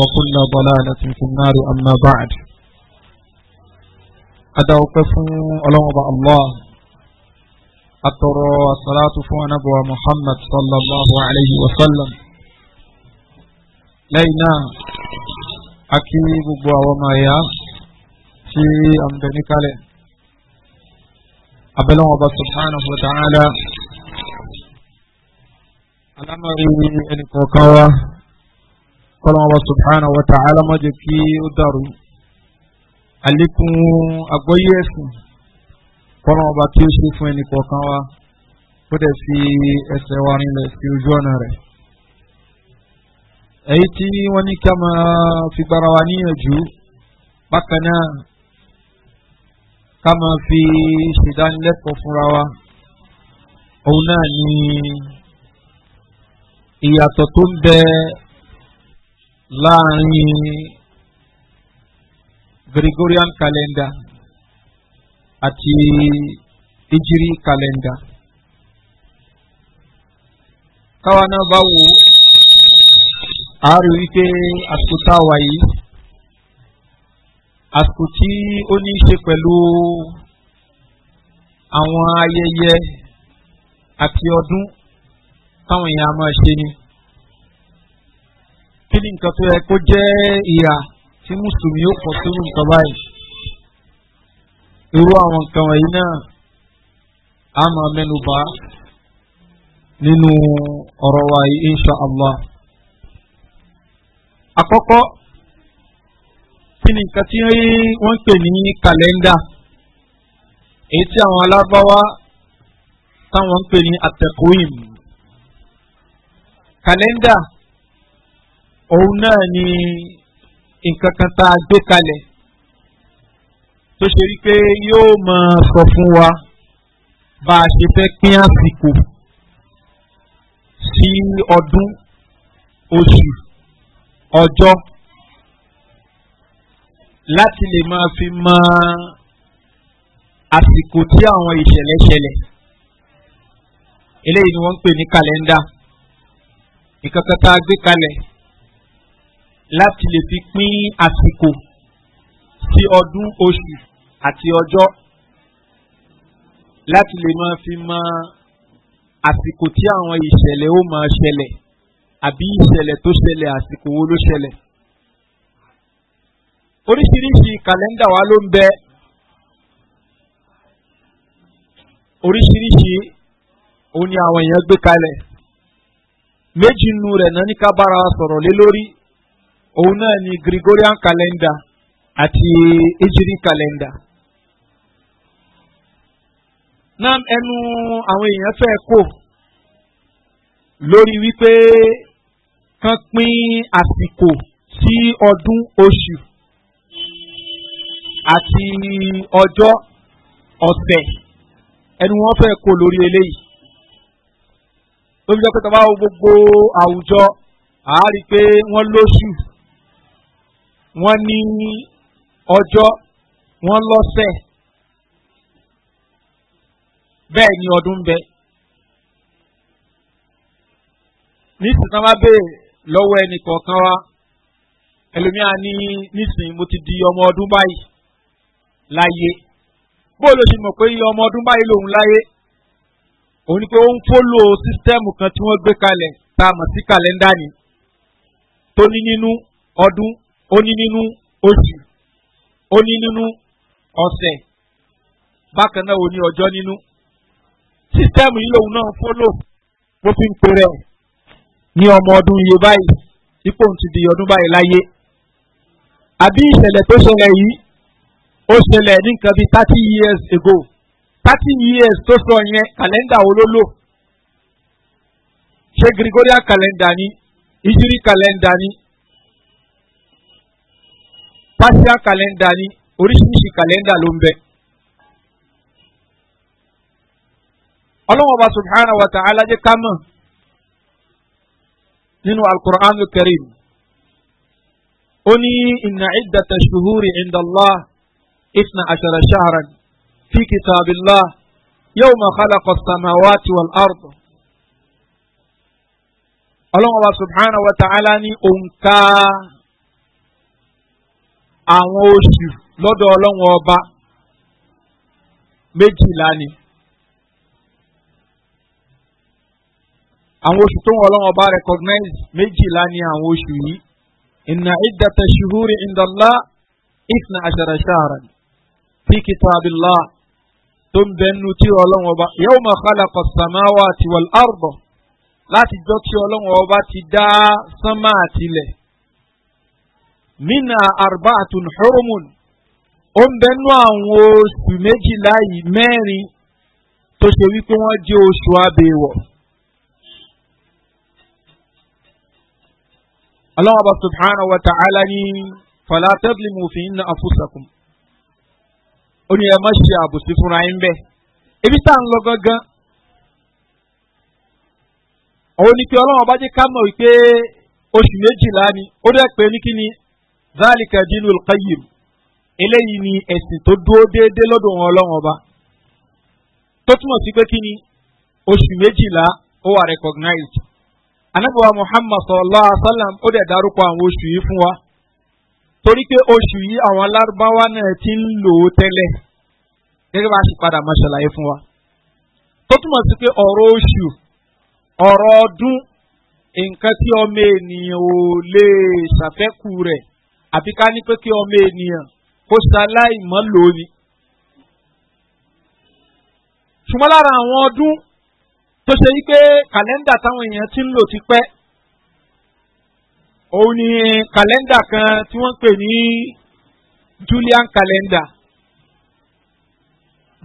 وكل ضلالة في النار أما بعد أدوقف ألوض الله أترى الصلاة فنبوى محمد صلى الله عليه وسلم لينا أكيد بوا وما يا في أمدني كالي أبلغ الله سبحانه وتعالى alámọ̀rí ẹnìkọ̀ọ̀kan wa kọ́lọ́mọba subhanahu wa ta'ala má jẹ́ kí ó dàrú àlékún àgbọ́yé ẹ̀sìn kọ́lọ́mọba tí ó ṣe fún ẹnì kọ̀ọ̀kan wa ó dẹ̀ fi ẹsẹ̀ wa nílẹ̀ sí ojú ọ̀nà rẹ̀ èyí tí wọ́n ní fi gbára wa níyànjú bákan náà ká máa fi ṣèdánilẹ́kọ̀ọ́ fúnra wa òun náà ni ìyàtọ̀ tó ń bẹ láàrin Gregorian calendar àti Ijiri calendar. Káwa náà bá wò ó, a rí wípé àsìkò tá a wà yìí, àsìkò tí ó ní í ṣe pẹ̀lú àwọn ayẹyẹ àti ọdún táwọn èèyàn máa ṣe ni kí ni nǹkan tó yẹ kó jẹ́ ìhà tí mùsùlùmí ó kọ sínú nǹkan báyìí irú àwọn nǹkan wọ̀nyí náà a máa mẹ́nu bá nínú ọ̀rọ̀ wa yìí insha allah àkọ́kọ́ kí ni nǹkan tí wọ́n ń pè ní kàlẹ́ndà èyí tí àwọn alábáwá táwọn ń pè ní àtẹ̀kùwìm kàlẹ́ndà òun náà ni nǹkan kan tá a gbé kalẹ̀ tó ṣe wípé yóò máa sọ fún wa bá a ṣe fẹ́ pín àsìkò sí ọdún oṣù ọjọ́ láti lè máa fi mọ àsìkò tí àwọn ìṣẹ̀lẹ̀ ṣẹlẹ̀ eléyìí ni wọ́n ń pè ní kàlẹ́ndà nǹkan tá a gbé kalẹ̀ láti lè fi pín àsìkò sí ọdún oṣù àti ọjọ́ láti lè máa fi mọ àsìkò tí àwọn ìṣẹ̀lẹ̀ ó máa ṣẹlẹ̀ àbí ìṣẹ̀lẹ̀ tó ṣẹlẹ̀ àsìkò wo ló ṣẹlẹ̀. oríṣiríṣi kàlẹ́ndà wa ló ń bẹ oríṣiríṣi òun ni àwọn èèyàn gbé kalẹ̀ méjì nu rẹ̀ náà ní ká bára sọ̀rọ̀ lé lórí òun náà ni gregorian calendar àti ejiri calendar. náà ẹnu àwọn èèyàn fẹ́ kò lórí wípé kán pín àsìkò sí ọdún oṣù àti ọjọ́ ọ̀sẹ̀ ẹnu wọn fẹ́ kò lórí eléyìí lórí jẹ́ pé tọ́ba gbogbo àwùjọ àárí pé wọ́n lóṣù wọ́n ní ọjọ́ wọ́n lọ́sẹ̀ bẹ́ẹ̀ ni ọdún bẹ. nísìnyí tán bá béèrè lọ́wọ́ ẹnì kọ̀ọ̀kan wa ẹlòmíà ní nísìnyí mo ti di ọmọ ọdún báyìí láyé bó ló ṣe mọ̀ pé iye ọmọ ọdún báyìí lòun láyé òun ni pé ó ń fólò sísítẹ́ẹ̀mù kan tí wọ́n gbé kalẹ̀ tá a mọ̀ sí kàlẹ́ndà ni tó ní nínú ọdún Oni ní nínú oṣù Oni ní nínú ọ̀sẹ̀ bákan náà ó ní ọjọ́ nínú sísẹ́ẹ̀mù yìí lòun náà fọ́lò bó fi ń pèrè ẹ̀ ní ọmọ ọdún iye báyìí ipò ti di ọdún báyìí láyé àbí ìṣẹ̀lẹ̀ tó ṣẹlẹ̀ yìí ó ṣẹlẹ̀ ní nǹkan bíi thirty years ago thirty years tó sọ yẹn kàlẹ́ndà wo ló lò ṣé gregorian calendar ni ijiri calendar ni Asia kàlẹ́ndà ni oríṣiríṣi kàlẹ́ndà ló ń bẹ. ọlọ́wọ́ba subhanahu wa ta'ala jẹ́ ká mọ̀ nínú alukur'an karim ó ní ìnà ìdàtà ṣuhuri ìndàlá ìfnà àṣàrà ṣaharan fi kìtàbílá yóò máa kálàkọ̀ sàmáwáti wàl ardu. ọlọ́wọ́ba subhanahu wa ta'ala ní òǹkà àwọn oṣù lọ́dọ̀ ọlọ́wọ́n ọba méjìlá ni àwọn oṣù tó wọn ọlọ́wọ́n ọba recognize méjìlá ni àwọn oṣù yìí ìnà ìdàtà ṣùhúrì ìndọ̀lá ìfìnà àṣàrà ṣàrà fi kìtàbílà tó ń bẹ nínú tí ọlọ́wọ́n ọba yóò máa kálá kọ sàmáwá àti wàl láti jọ́ tí ọlọ́wọ́n ọba ti dá sánmà àtilẹ̀ mina arbaatun hurumun ó ń bẹnu àwọn oṣù méjìlá yìí mẹ́rin tó ṣe wípé wọ́n jẹ́ oṣù abẹ́wọ̀. Allah ọba subhanahu wa ta'ala ní fala tadlimu fi inna anfusakum ó ní ẹ má ṣe àbòsí fúnra yín bẹ́ẹ̀ ebi tá à ń lọ gangan òun ni pé ọlọ́run ọba jẹ́ ká mọ̀ wípé oṣù méjìlá ni ó dẹ́ pé ní kí ni zálìkà dínú ìlqayyim eléyìí ni ẹ̀sìn tó dúró déédéé lọ́dọ̀ wọn ọlọ́wọ́n ọba tó túmọ̀ sí pé kí ni oṣù méjìlá ó wà recognized anabiwa muhammad sallallahu alaihi sallam ó dẹ̀ dárúkọ àwọn oṣù yìí fún wa torí pé oṣù yìí àwọn alárúbáwá náà ti ń lò ó tẹ́lẹ̀ gẹ́gẹ́ bá a ṣe padà máa ṣàlàyé fún wa tó túmọ̀ sí pé ọ̀rọ̀ oṣù ọ̀rọ̀ ọdún nǹkan tí ọmọ ènìyàn ò lè ṣàfẹ́kù rẹ̀ àbí ká ní pé kí ọmọ ènìyàn kó ṣaláì mọ́ lónìí. ṣùgbọ́n lára àwọn ọdún tó ṣe yí pé kàlẹ́ndà táwọn èèyàn ti ń lò ti pẹ́ òun ni kàlẹ́ndà kan tí wọ́n ń pè ní julian calendar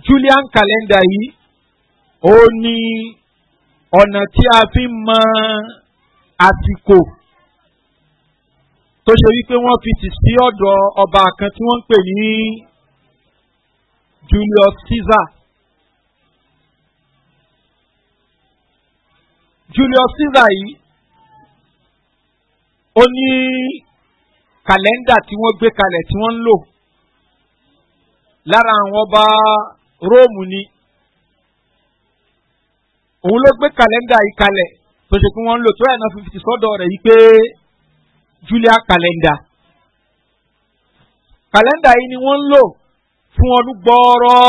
julian calendar yìí òun ni ọ̀nà tí a fi mọ àsìkò tó ṣe wípé wọ́n fi tì sí ọ̀dọ̀ ọba kan tí wọ́n ń pè ní julius caesar. julius caesar yìí ó ní kàlẹ́ndà tí wọ́n gbé kalẹ̀ tí wọ́n ń lò lára àwọn ọba róòmù ni òun ló gbé kàlẹ́ndà yìí kalẹ̀ tó ṣe pé wọ́n ń lò tó yà náà fi fi sọ́dọ̀ rẹ̀ yìí pé julia calendar calendar yìí ni wọ́n ń lò fún ọdún gbọ́ọ́rọ́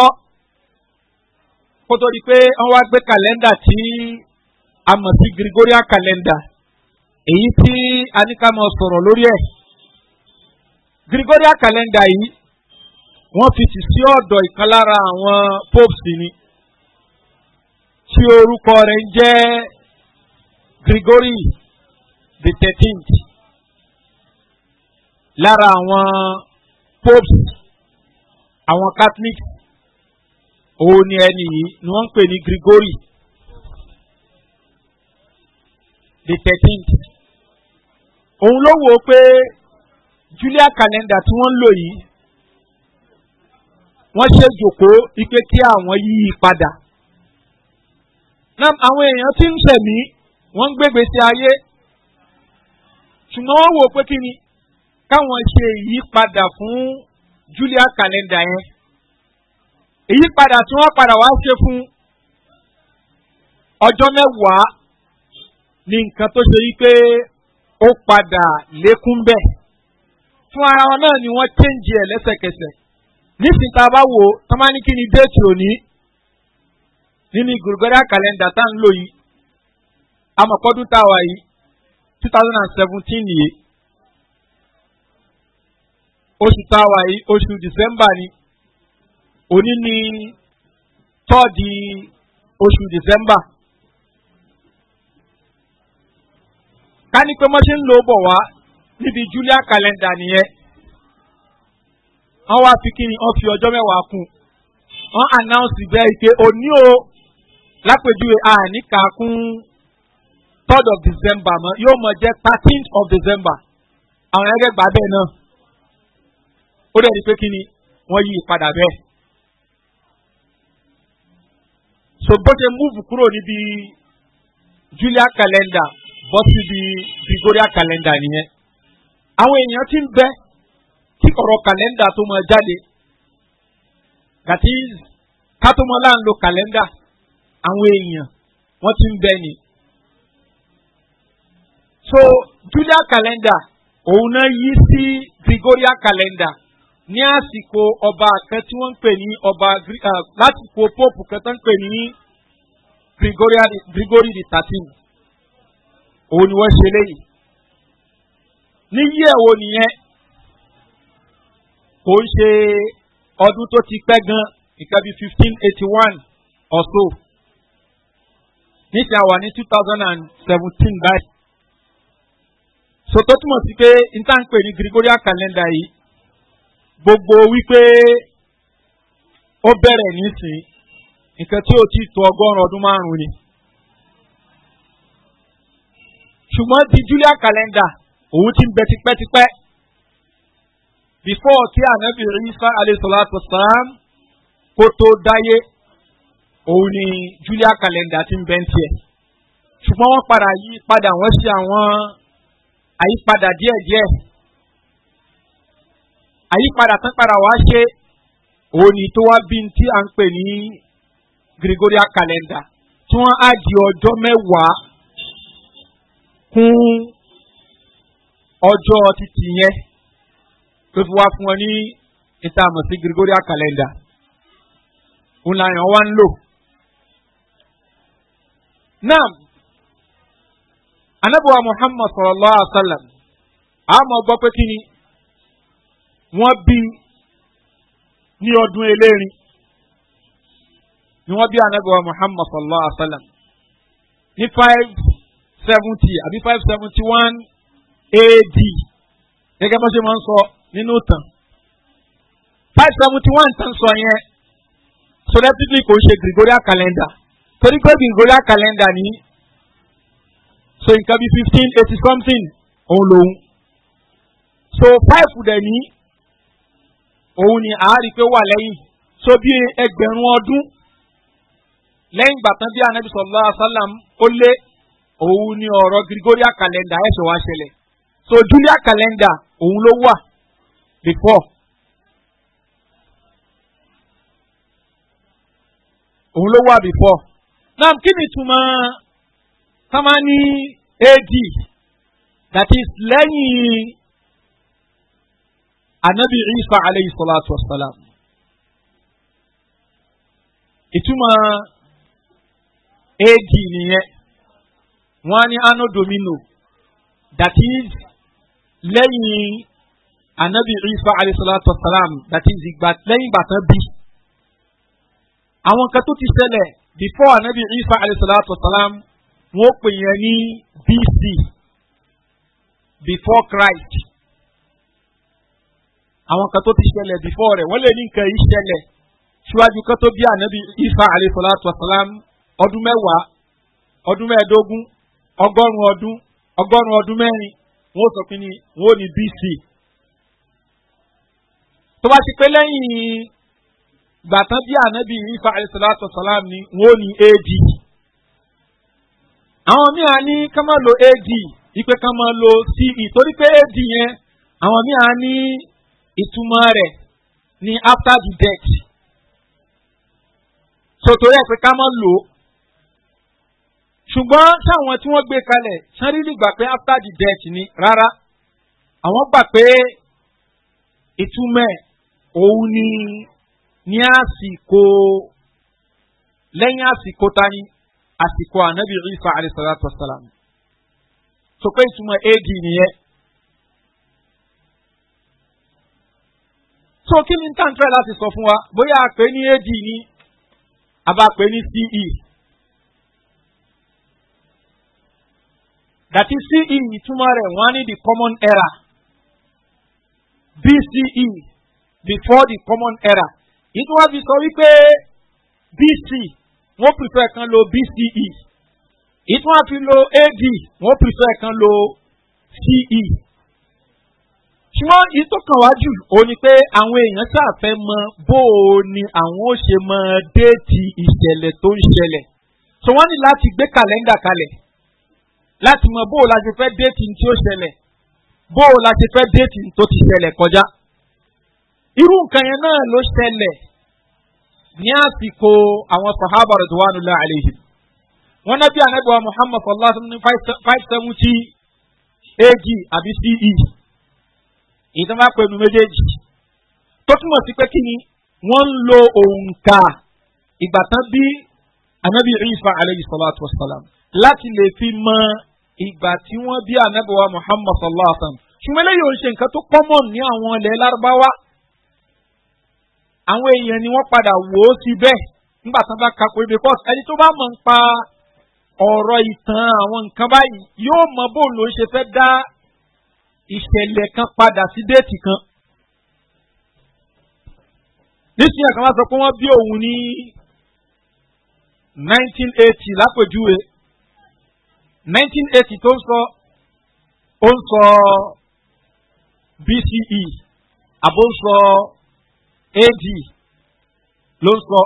kó tó di pé wọ́n wá gbé calendar tí a mọ̀ sí gregorian calendar èyí tí a ní ká mọ̀ sọ̀rọ̀ lórí ẹ̀ gregorian calendar yìí wọ́n fi sì sí ọ̀dọ̀ ìkan àwọn popes ni tí orúkọ rẹ̀ ń jẹ́ gregory the thirteenth lára àwọn popes àwọn catholic òun ni ẹni yìí ni wọ́n ń pè ní gregory the thirteenth òun ló wò ó pé julia calendar tí wọ́n ń lò yìí wọ́n ṣe jòkóó ipe kí àwọn yí i padà nam àwọn èèyàn ti ń sẹ̀mí wọ́n ń gbégbèsè ayé ṣùgbọ́n wọ́n wò ó pé kí ni káwọn ṣe ìyípadà fún julia kàlẹ́ndà yẹn ìyípadà tí wọ́n padà wá ṣe fún ọjọ́ mẹ́wàá ní nǹkan tó ṣe yí pé ó padà lékún bẹ́ẹ̀ fún ara wọn náà ni wọ́n chéǹjì ẹ̀ lẹ́sẹ̀kẹsẹ̀ nísìnyí tá a bá wò tó ni déètì òní nínú gregorian calendar tá à ń lò yìí amọ̀kọ́dún tá a wà yìí two thousand and seventeen nìyẹn oṣù táwa yìí oṣù December ni òní ni tọ́ọ̀dì oṣù dìsẹ́mbà. ká ní pé wọ́n ń lò bọ̀ wá níbi julia calendar nìyẹn wọ́n wá fi kí ni wọ́n fi ọjọ́ mẹ́wàá kún wọ́n announce bẹ́ẹ̀ pé òní o lápèjúwe àníkà kún third of december mọ́ yóò mọ̀ jẹ́ thirteenth of december àwọn ẹgbẹ́ gbà náà ó dẹ̀ di pé kí ni wọ́n yí ìpadà bẹ́ẹ̀. so bó ṣe múùfù kúrò níbi julia calendar bọ́ síbi gregorian calendar nìyẹn àwọn èèyàn ti ń bẹ tí ọ̀rọ̀ calendar tó máa jáde that is kátólmọ́lá ń lo calendar àwọn èèyàn wọ́n ti ń bẹ ni so julia calendar òun náà yí sí gregorian calendar ní àsìkò ọba kan tí wọ́n ń pè ní ọba eh, lásìkò pope kan tó ń pè ní Gregory the thirteen òun ni wọ́n ṣe léyìí ní yí ẹ̀ wo nìyẹn kò ń ṣe ọdún tó ti pẹ́ gan nǹkan bíi fifteen eighty one or so níta wà ní two thousand and seventeen báyìí so tó túmọ̀ sí pé n tá n pè ní Gregorian calendar yìí gbogbo wípé ó bẹ̀rẹ̀ nísìn nǹkan tí ó ti tó ọgọ́rùn ọdún márùn-ún ni. ṣùgbọ́n ti julia calendar òun ti ń bẹ tipẹ́tipẹ́ before kí anabi isa alayhisalatu salam kó tó dáyé òun ni julia calendar ti ń bẹ ń tiẹ̀ ṣùgbọ́n wọ́n padà yí padà wọ́n ṣe àwọn àyípadà díẹ̀díẹ̀ àyípadà tán padà wá ṣe òun ni tó wá bí tí a ń pè ní gregorian calendar tí wọ́n á di ọjọ́ mẹ́wàá kún ọjọ́ títì yẹn tó fi wá fún wọn ní ìtààmọ̀ sí gregorian calendar òun làyàn wá ń lò. náà anábọ̀wá muhammad sallallahu alaihi wa sallam àmọ́ gbọ́ kí ni wọ́n bí ní ọdún elérin ni wọ́n bí anabiwa muhammad sallallahu alaihi wa sallam ní five seventy àbí five seventy one ad gẹ́gẹ́ bá ṣe máa ń sọ nínú tàn five seventy one tán sọ yẹn solemnity kò ṣe gregorian calendar torí pé gregorian calendar ni so nǹkan bí fifteen eighty something òun lòun so five dẹ̀ ní òun ni àárí pé wà lẹ́yìn so bí ẹgbẹ̀rún ọdún lẹ́yìn gbàtàn bí anabi sọlá sálàm ó lé òun ni ọ̀rọ̀ gregorian calendar ẹ̀ṣẹ̀ wá ṣẹlẹ̀ so Julia calendar òun ló wà before. òun ló wà before. náà kí ni túmọ̀ sámá ad that is lẹ́yìn anabi isa alayhi salatu wa salam ìtumọ̀ éèdì nìyẹn wọn á domino that is lẹ́yìn anabi isa alayhi salatu wa salam that is ìgbà lẹ́yìn ìgbà tán bí àwọn kan tó ti ṣẹlẹ̀ before anabi isa alayhi salatu wa salam wọn ó pè yẹn ní bc before christ àwọn kan tó ti ṣẹlẹ̀ before rẹ̀ wọ́n lè ní nǹkan yìí ṣẹlẹ̀ síwájú kan tó bí ànábì isa alayhisalatu wasalam ọdún mẹ́wàá ọdún mẹ́ẹ̀ẹ́dógún ọgọ́rùn-ún ọdún ọgọ́rùn-ún ọdún mẹ́rin wọ́n sọ pé ní wọ́n ní bc. tó bá ti pé lẹ́yìn gbàtán bí ànábì isa alayhisalatu wasalam ni wọ́n ní ad. àwọn míì á ní ká má lo ad ipe ká má lo ce torí pé ad yẹn àwọn míì ní ìtumọ̀ rẹ̀ ni after the death sòtòrí ẹ̀ pé ká má lò ó ṣùgbọ́n sáwọn tí wọ́n gbé kalẹ̀ sanrílì gbà pé after the death ni rárá àwọn gbà pé ìtumọ̀ òun ni ní àsìkò lẹ́yìn àsìkò tani àsìkò ànábì ìfà àlẹ́ sàlátù wàsálàmù sọ pé ìtumọ̀ éèdì nìyẹn. so kí ni tàǹtẹ̀ láti sọ fún wa bóyá a pè ní ad ni a pè ní ce dàtí ce ìtumọ̀ rẹ̀ wọ́n á ní the common era bce before the common era ìtú wá fi sọ wípé bc wọ́n prefer kan lo bce ìtú wá fi lo ad wọ́n prefer kan lo ce wọ́n yìí tó kàn wá jù ó ní pé àwọn èèyàn ṣàfẹ́ mọ bó o ni àwọn ó ṣe mọ déètì ìṣẹ̀lẹ̀ tó ń ṣẹlẹ̀ so wọ́n ní láti gbé kàlẹ́ndà kalẹ̀ láti mọ bó o la ṣe fẹ́ déètì tí ó ṣẹlẹ̀ bó o la ṣe fẹ́ déètì tó ti ṣẹlẹ̀ kọjá irú nǹkan yẹn náà ló ṣẹlẹ̀ ní àsìkò àwọn sahaba rẹ̀dùwánulá àlejò wọn náà bí anábìwá muhammad sallallahu alayhi wa sallam five seventy ag àbí ce ìtàn máa pẹ̀lú méjèèjì tó túmọ̀ sí pé kí ni wọ́n ń lo òǹkà ìgbà tán bí anabi isa aleyhi salatu wa salam láti lè fi mọ ìgbà tí wọ́n bí anabi wa muhammad sallallahu alaihi wa sallam ṣùgbọ́n eléyìí ò ń nǹkan tó pọ́mọ̀ ní àwọn ilẹ̀ lárúbáwá àwọn èèyàn ni wọ́n padà wò ó sí bẹ́ẹ̀ nígbà tán bá kakó ibi kọ́ ẹni tó bá mọ̀ ń pa ọ̀rọ̀ ìtàn àwọn nǹkan báyìí yóò mọ bó ló ṣe fẹ́ dá ìṣẹ̀lẹ̀ kan padà sí déètì kan. nísìnyí àkàwá sọ pé wọ́n bí òun ní nineteen eighty lápèjúwe nineteen tó ń sọ ó ń sọ bce àbó ń sọ ad ló ń sọ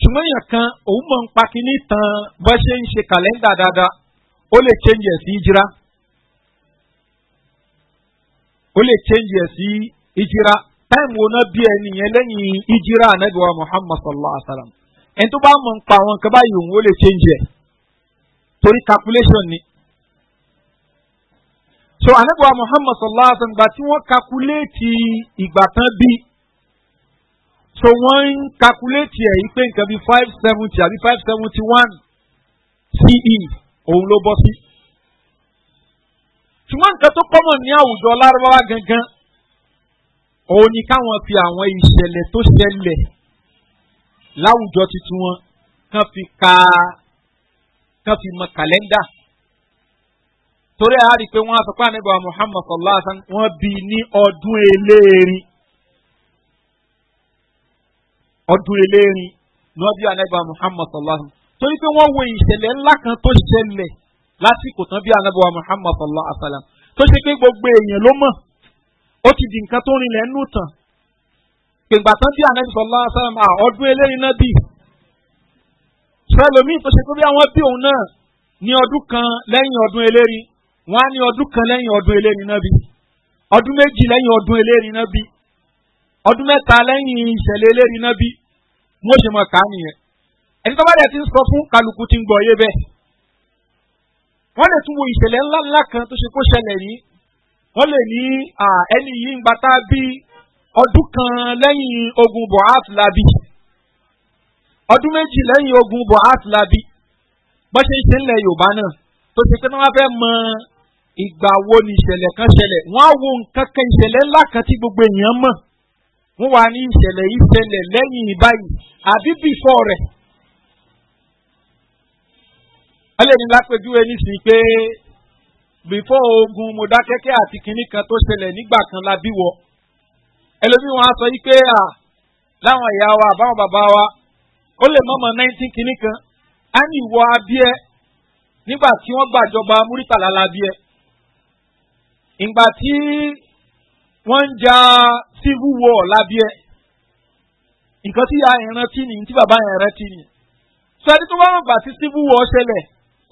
ṣùgbọ́n èèyàn kan òun mọ̀ ń pa kínní tan bó ṣe ń ṣe kàlẹ́ńdà dáadáa ó lè change ẹ̀ sí hijira ó lè change ẹ̀ si ìjìra time wo náà bí ẹni yẹn lẹ́yìn ìjìra anabiwa muhammad sallallahu alaihi wa sallam ẹni tó bá mọ̀ nípa àwọn nǹkan báyìí òun ó lè change ẹ̀ torí calculation ni so anabiwa muhammad sallallahu alaihi wa sallam gba tí wọ́n calculate ìgbà tán bí so wọ́n ń calculate ẹ̀ yìí pé nǹkan bíi five seventy àbí five seventy one ce òun ló bọ́ sí. Si ṣùgbọ́n nǹkan tó kọ́mọ̀ ní àwùjọ lárúbáwá gangan òun ni káwọn fi àwọn ìṣẹ̀lẹ̀ tó ṣẹlẹ̀ láwùjọ tuntun wọn kàn fi ka kàn fi mọ kàlẹ́ndà torí a rí i pé wọ́n á sọ pé àníbà muhammad sallallahu alaihi wa sallam wọ́n bí ní ọdún eléèrin ọdún eléèrin ni wọ́n àníbà muhammad sallallahu alaihi wa sallam torí pé wọ́n wo ìṣẹ̀lẹ̀ ńlá kan tó ṣẹlẹ̀ lásìkò tán bí anabi wa muhammad sallallahu alaihi wa sallam tó ṣe pé gbogbo èèyàn ló mọ̀ ó ti di nǹkan tó rinlẹ̀ nù tàn gbèngbà tán bí anabi sallallahu alaihi wa sallam ọdún eléyìí náà bì sọlọmí tó ṣe pé bí àwọn bí òun náà ní ọdún kan lẹ́yìn ọdún eléyìí wọn á ní ọdún kan lẹ́yìn ọdún eléyìí náà bì ọdún méjì lẹ́yìn ọdún eléyìí náà bì ọdún mẹ́ta lẹ́yìn ìṣẹ̀lẹ̀ eléyìí náà bì wọ́n ṣe mọ̀ ká nìyẹn ẹni tó bá dẹ̀ ti ń sọ fún kálukú ti ń gbọ́ yé bẹ́ẹ̀ wọ́n lè tún wo ìṣẹ̀lẹ̀ ńláńlá kan tó ṣe kó ṣẹlẹ̀ yìí wọ́n lè ní ẹni yìí ń gbata bí ọdún kan lẹ́yìn ogun bohat labi ọdún méjì lẹ́yìn ogun bohat labi bọ́n ṣe ń ṣe ńlẹ̀ yorùbá náà tó ṣe pé wọ́n fẹ́ mọ ìgbà wo ni ìṣẹ̀lẹ̀ kan ṣẹlẹ̀ wọ́n á wo nǹkan kan ìṣẹ̀lẹ̀ ńlá kan tí gbogbo èèyàn mọ̀ wọ́n wà ní ìṣẹ̀lẹ̀ yìí ṣẹlẹ̀ lẹ́yìn báyìí àbí bífọ́ rẹ̀ ẹlẹ́ni lápẹjúwe nísìnyí pé bífọ́ ogun mọ̀dákẹ́kẹ́ àti kinní kan tó ṣẹlẹ̀ nígbà kan la bí wọ ẹlòmíì wọn á sọ yìí pé à láwọn ìyá wa àbáwọn bàbá wa ó lè mọ̀mọ́ nineteen kinní kan á ní ìwọ abíẹ́ nígbà tí wọ́n gbàjọba múrítàlá la ìgbà tí wọ́n ń ja civil war lábíẹ́ nǹkan tí ya ìrántí nìyí tí bàbá yẹn rántí nìyí sọ ẹni tó bá wọn gbà tí civil war ṣẹlẹ̀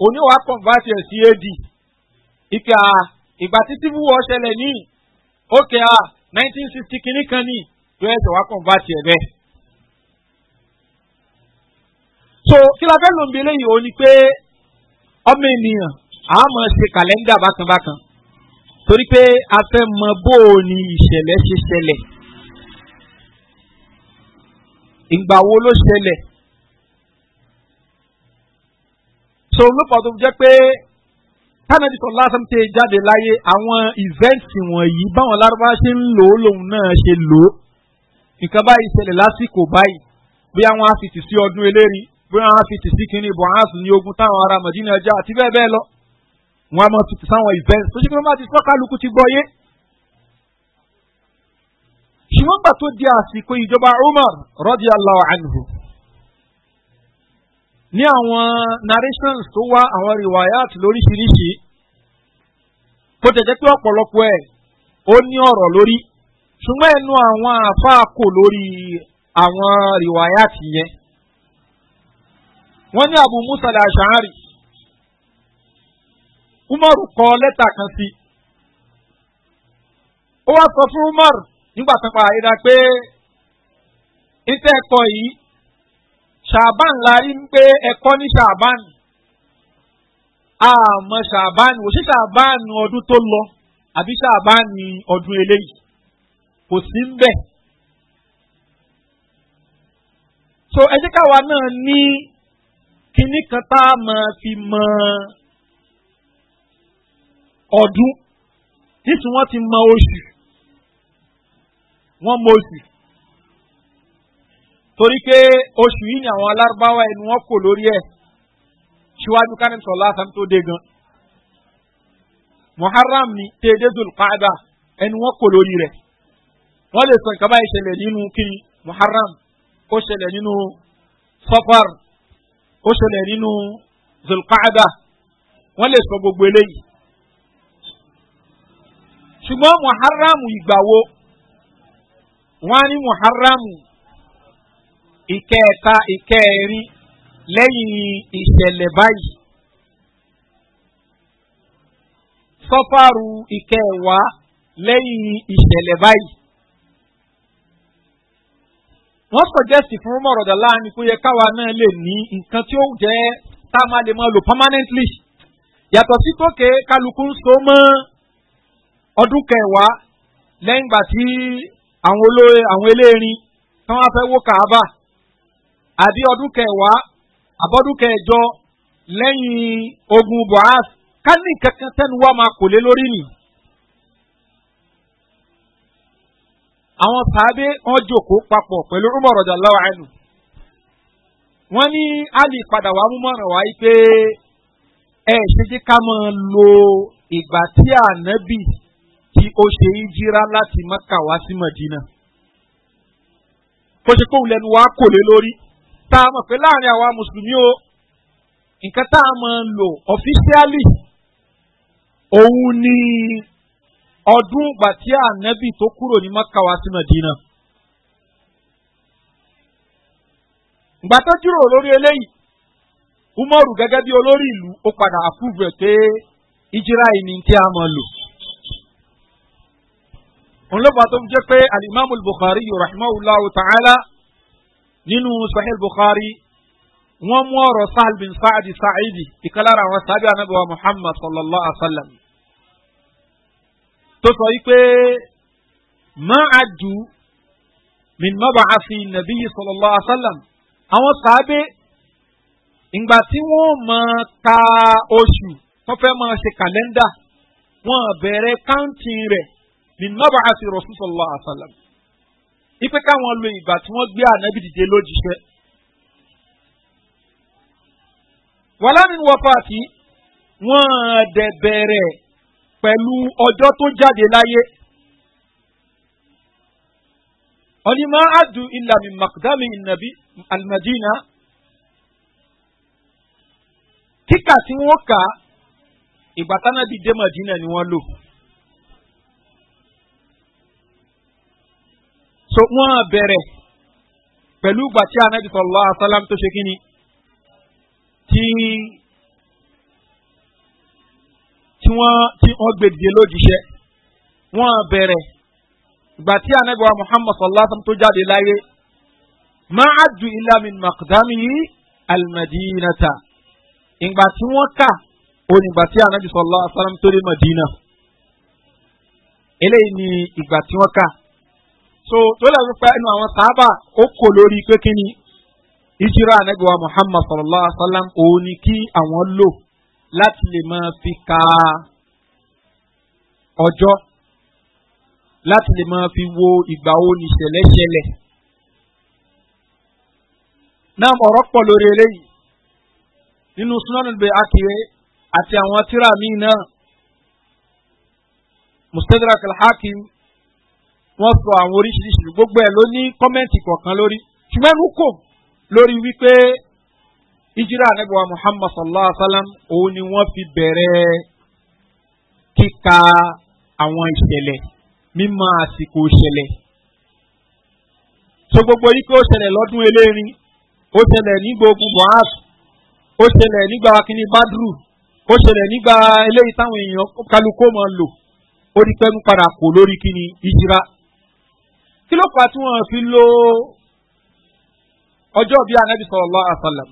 oníwà kọ̀ǹfàtì ẹ̀ sí ad ìkà ìgbà tí civil war ṣẹlẹ̀ ní òkè a nineteen sixty kìíní kan ní yóò ẹ̀sẹ̀ wà kọ̀ǹfàtì ẹ̀ bẹ́ẹ̀. so kí la fẹ́ lòun bí eléyìí o ni pé ọmọ ènìyàn a máa ṣe kàlẹ́ndà bákanbákan torí pé a fẹ́ mọ bó o ní ìṣẹ̀lẹ̀ ṣe ṣẹlẹ̀ ìgbà wo ló ṣẹlẹ̀ so ló fà tó jẹ́ pé tánàbí sọ lásán tẹ jáde láyé àwọn ìvẹ́ǹtì wọ̀nyí báwọn lárúbá ṣe ń lò ó lòun náà ṣe lò ó nǹkan báyìí ṣẹlẹ̀ lásìkò báyìí bí àwọn afìtì sí ọdún eléri bí àwọn afìtì sí kínní bọ̀hánsì ní ogun táwọn ará mọ̀dínà já àti bẹ́ẹ̀ bẹ́ẹ̀ lọ wọn a máa tutù sáwọn ìvẹ́ǹtì tó ṣe pé wọ́n bá ti sọ́ kálukú ti gbọ́ yé ṣùgbọ́n gbà tó di àsìkò ìjọba umar rọ́dí aláwọ̀ ànihù ní àwọn narrations tó wá àwọn riwayat lóríṣiríṣi bó tẹ̀ jẹ́ pé ọ̀pọ̀lọpọ̀ ẹ̀ ó ní ọ̀rọ̀ lórí ṣùgbọ́n ẹnu àwọn àáfàá kò lórí àwọn riwayat yẹn wọ́n ní abu musa al-ashari umaru kọ lẹ́tà kan sí ó wá sọ fún umaru nígbà tó pa àyíra pé iṣẹ́ ẹ̀kọ́ yìí. ṣàbán la rí ń pé ẹ̀kọ́ ní ṣàbán àmọ́ ṣàbán wò sí ṣàbán ọdún tó lọ àbí ṣàbán ọdún eléyìí kò sí ń bẹ̀. so ẹ jẹ́ káwa náà ní kinní kan tá a máa fi mọ ọdún nísìnyí wọ́n ti mọ oṣù wọ́n mọ oṣù torí pé oṣù yìí ni àwọn alárúbáwá ẹnu wọn kò lórí ẹ ṣíwájú kánìm sọ lásán tó dé gan muharram ni tedezul qaada ẹnu wọn kò lórí rẹ wọn lè sọ nǹkan báyìí ṣẹlẹ nínú kiri muharram ó ṣẹlẹ nínú sọfar ó ṣẹlẹ nínú zulqaada wọn lè sọ gbogbo eléyìí ṣùgbọn muharram ìgbà wọn á ní muharram ìkẹta ìkẹrin lẹ́yìn ìṣẹ̀lẹ̀ báyìí sọ́fàrù ìkẹwàá lẹ́yìn ìṣẹ̀lẹ̀ báyìí. wọ́n sọ̀jẹ́sì fún mọ̀rọ̀dà láàánú pé káwa náà lè ní nǹkan tí ó jẹ́ tá a máa lè máa lò permanently yàtọ̀ sí tókè kálukú ń so mọ́ ọdún kẹwàá lẹ́yìn ìgbà tí àwọn olóore àwọn eléèrin tí wọ́n fẹ́ wó kàábà àbí ọdún kẹwàá àbọ̀dún kẹjọ lẹ́yìn ogun buhari ká ní kankan sẹ́nu wá máa kò lé lórí nì. àwọn sàábé wọn jókòó papọ̀ pẹ̀lú umar ọ̀dà ẹnu. wọ́n ní ali padà wàá mú mọ̀ràn wáyé pé ẹ ṣe ká máa lo ìgbà tí ànábì tí ó ṣe ń jíra láti mọ́kà wá sí mọ̀dínà. kó ṣe kóun lẹ́nu wá kò lé lórí tá a mọ̀ pé láàrin àwa mùsùlùmí o nǹkan tá a máa ń lò ọ̀fíṣíálì òun ni ọdún ìgbà tí ànábì tó kúrò ní mọ́kà sí mọ̀dínà. ìgbà tó jíròrò lórí eléyìí umaru gẹ́gẹ́ bí olórí ìlú ó padà àfúrú ẹ̀ pé ìjírá yìí ni tí a máa lò. òun ló bá tó ń jẹ́ pé alimami buhari yorùbá rahimahullah ta'ala nínú sahel bukhari wọn mú ọrọ sahel bin saadi saidi ìkàlára àwọn sábẹ anabiwa muhammad sallallahu alaihi wa sallam tó sọ yìí pé má a dù min mọba àfi nàbíyí sallallahu alaihi wa sallam àwọn sábẹ ìgbà tí wọn mọ ka oṣù wọn fẹ máa ṣe kàlẹnda wọn bẹrẹ káńtì rẹ min mọba àfi sallallahu alaihi wa sallam ipe káwọn lo ìgbà tí wọ́n gbé ànábì dìde lójíṣẹ́. wàlámi wọ́pàtì wọ́n dẹ̀ bẹ̀rẹ̀ pẹ̀lú ọjọ́ tó jáde láyé. ọ̀nìmọ̀ àdù ìlàmì màkàdámì ìnàbí alimadina kíkà tí wọ́n kà ìgbà tánábì dé màdínà ni wọ́n lò. so wọ́n bẹ̀rẹ̀ pẹ̀lú ìgbà tí anabi sọ̀lá asálám tó ṣe kíni tí tí wọ́n tí wọ́n gbèdìde lójíṣẹ́ wọ́n bẹ̀rẹ̀ ìgbà tí anabi wa muhammad sọ̀lá asálám tó jáde láyé máa adu ilá min makdami almadinata ìgbà tí wọ́n kà onígbà tí anabi sọ̀lá asálám tó dé madina eléyìí ni ìgbà tí wọ́n kà so tó lè pa ẹnu àwọn sábà ó kò lórí pé kí ni ìṣirò ànẹ́gbẹ̀wá muhammad sallallahu alaihi wa sallam òun ni kí àwọn lò láti lè máa fi ka ọjọ́ láti lè máa fi wo ìgbà wo ni ìṣẹ̀lẹ̀ náà ọ̀rọ̀ pọ̀ lórí eléyìí nínú sunanubẹ akire àti àwọn tíra míì náà mustadrak alhakim wọ́n sọ àwọn oríṣiríṣi gbogbo ẹ̀ ló ní kọ́mẹ́ǹtì kọ̀ọ̀kan lórí ṣùgbọ́n ẹnu kò lórí wípé ìjírà anábìwá muhammad sallallahu alaihi wa sallam òun ni wọ́n fi bẹ̀rẹ̀ kíka àwọn ìṣẹ̀lẹ̀ mímọ àsìkò ìṣẹ̀lẹ̀ so gbogbo yìí pé ó ṣẹlẹ̀ lọ́dún eléyìí ó ṣẹlẹ̀ nígbà ogun bohas ó ṣẹlẹ̀ nígbà kínní badru ó ṣẹlẹ̀ nígbà eléyìí táwọn èèyàn kálukó máa lò ó ní pẹ́ẹ́nu padà kò lórí kínní ìjírà kí ló fà tí wọ́n fi lo ọjọ́ bí anabi sọ̀rọ̀ àṣàlàm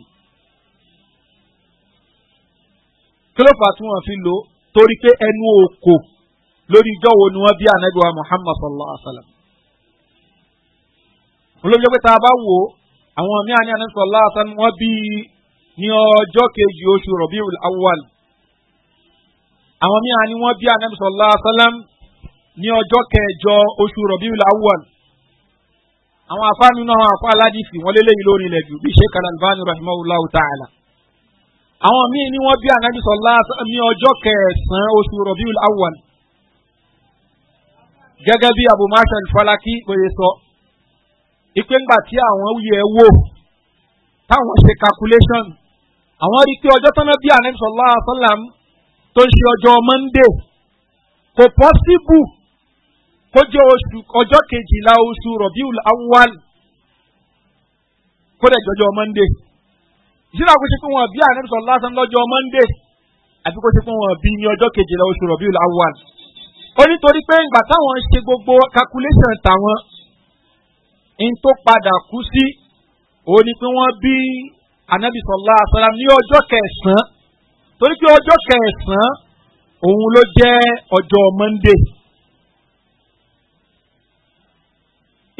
kí ló fà tí wọ́n fi lo torí pé ẹnu òkò lórí ìjọ wo ni wọ́n bí anabi wa muhammad sọ̀rọ̀ àṣàlàm olóòjọ́ pé tá a bá wò àwọn míì àní anabi sọ̀rọ̀ àṣàlàm wọ́n bí ní ọjọ́ kejì oṣù rọ̀bí awal àwọn míì àní wọ́n bí anabi sọ̀rọ̀ àṣàlàm ní ọjọ́ kẹjọ oṣù rọ̀bí awal àwọn afá nínú àwọn afá aládìsí wọn lélẹyìn lórí ilẹ jù bí sheikh alalbani rahimahullah ta'ala àwọn míín ni wọn bí anabi sọlá ní ọjọ kẹsànán oṣù rọbíul awwal gẹgẹ bí abu marshal falaki pèye sọ ìpè ńgbà tí àwọn yẹ wò táwọn ṣe calculation àwọn rí i pé ọjọ́ tán bí anabi sọlá sọlá tó ń ṣe ọjọ́ monday kò possible kójọ oṣù ọjọ́ kejìlá oṣù rọ̀bíùl awal kódà jọjọ mọ́ndé ìṣúná kó ṣe pé wọn bí àná sọ lásán lọ́jọ́ mọ́ndé àti kó ṣe pé wọn bí ní ọjọ́ kejìlá oṣù rọ̀bíùl awal ó nítorí pé ìgbà táwọn ṣe gbogbo calculation tàwọn n tó padà kú sí òun ni pé wọ́n bí anabi sọlá asọlá ní ọjọ́ kẹsàn-án torí pé ọjọ́ kẹsàn-án òun ló jẹ́ ọjọ́ monday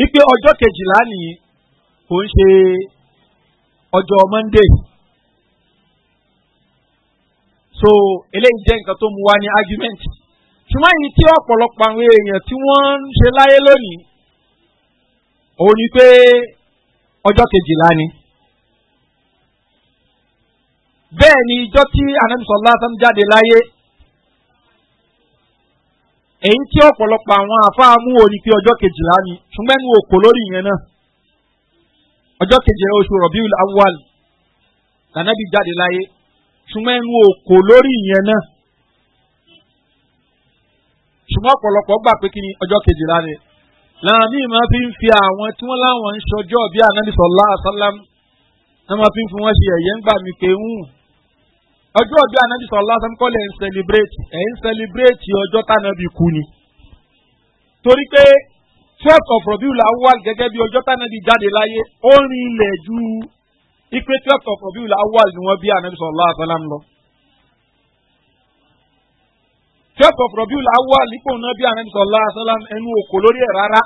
ipe ọjọ́ kejìlá ni kò ń ṣe ọjọ́ monday so eléyìí jẹ́ nǹkan tó mu wá ní argument ṣùgbọ́n èyí tí ọ̀pọ̀lọpọ̀ àwọn èèyàn tí wọ́n ń ṣe láyé lónìí òun ni pé ọjọ́ kejìlá ni bẹ́ẹ̀ ni ijọ́ tí anamisọ́lá sàm jáde láyé èyí tí ọ̀pọ̀lọpọ̀ àwọn àfáàmú òní pé ọjọ́ kejìlá ni ṣùgbọ́n ẹnu òkò lórí ìyẹn náà ọjọ́ kejìlá oṣù rọ̀bíù awal lànàbí jáde láyé ṣùgbọ́n ẹnu òkò lórí ìyẹn náà ṣùgbọ́n ọ̀pọ̀lọpọ̀ gbà pé kí ni ọjọ́ kejìlá ni làmì máa fi ń fi àwọn tí wọ́n láwọn ń ṣọjọ́ bí anabi sọ̀lá náà máa fi ń fi wọ́n ṣe ẹ̀yẹ́ ń gbà mí pé ń ọjọ́ ọjọ́ anabi sọ̀rọ̀ lásán kọ́lẹ̀ ń sẹlẹ̀bírẹ́tì ẹ̀ ń sẹlẹ̀bírẹ́tì ọjọ́ tánàbí kú ni. torí pé twelve of Rabiul Awwal gẹ́gẹ́ bí ọjọ́ tánàbí jáde láyé ó rin ilẹ̀ ju ipe twelve of Rabiul Awwal ni wọ́n bí anabi sọ̀rọ̀ lásán lọ. twelve of Rabiul Awwal ipò náà bí anabi sọ̀rọ̀ lásán lám ẹnu òkò lórí ẹ̀ rárá.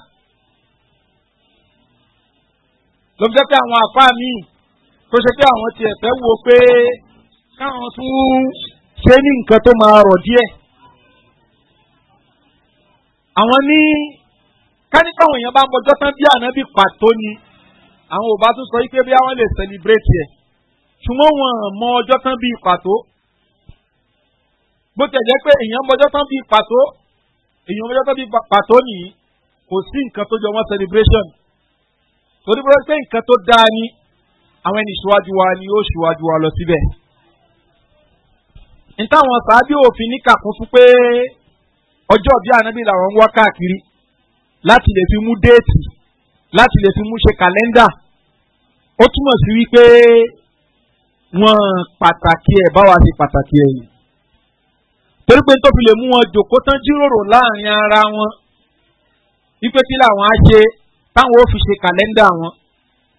lọ́fi jẹ́ káwọn tún ṣe ní nǹkan tó máa rọ̀ díẹ̀. àwọn ní káni káwọn èèyàn bá mọjọ́ tán bí ànábì pàtó ni àwọn ò bá tún sọ wípé bí àwọn lè sẹlibrétì ẹ̀ ṣùgbọ́n wọn mọ ọjọ́ tán bí pàtó bó tẹ̀lé pé èèyàn mọjọ́ tán bí pàtó èèyàn mọjọ́ tán bí pàtó nìyí kò sí nǹkan tó jọ mọ́ celebration torí pé nǹkan tó dáa ni àwọn ẹni ìṣíwájú wa ni ó ṣíwájú wa lọ síbẹ̀ ntáwọn sàábì òfin níkà kún fún pé ọjọ́ bí ànábì làwọn ń wá káàkiri láti lè fi mú déètì láti lè fi mú ṣe kàlẹ́ndà ó túmọ̀ sí wípé wọn pàtàkì ẹ̀ báwa ti pàtàkì ẹ̀ yìí torí pé tó fi lè mú wọn jòkó tán jíròrò láàrin ara wọn wípé tí làwọn á ṣe táwọn ó fi ṣe kàlẹ́ndà wọn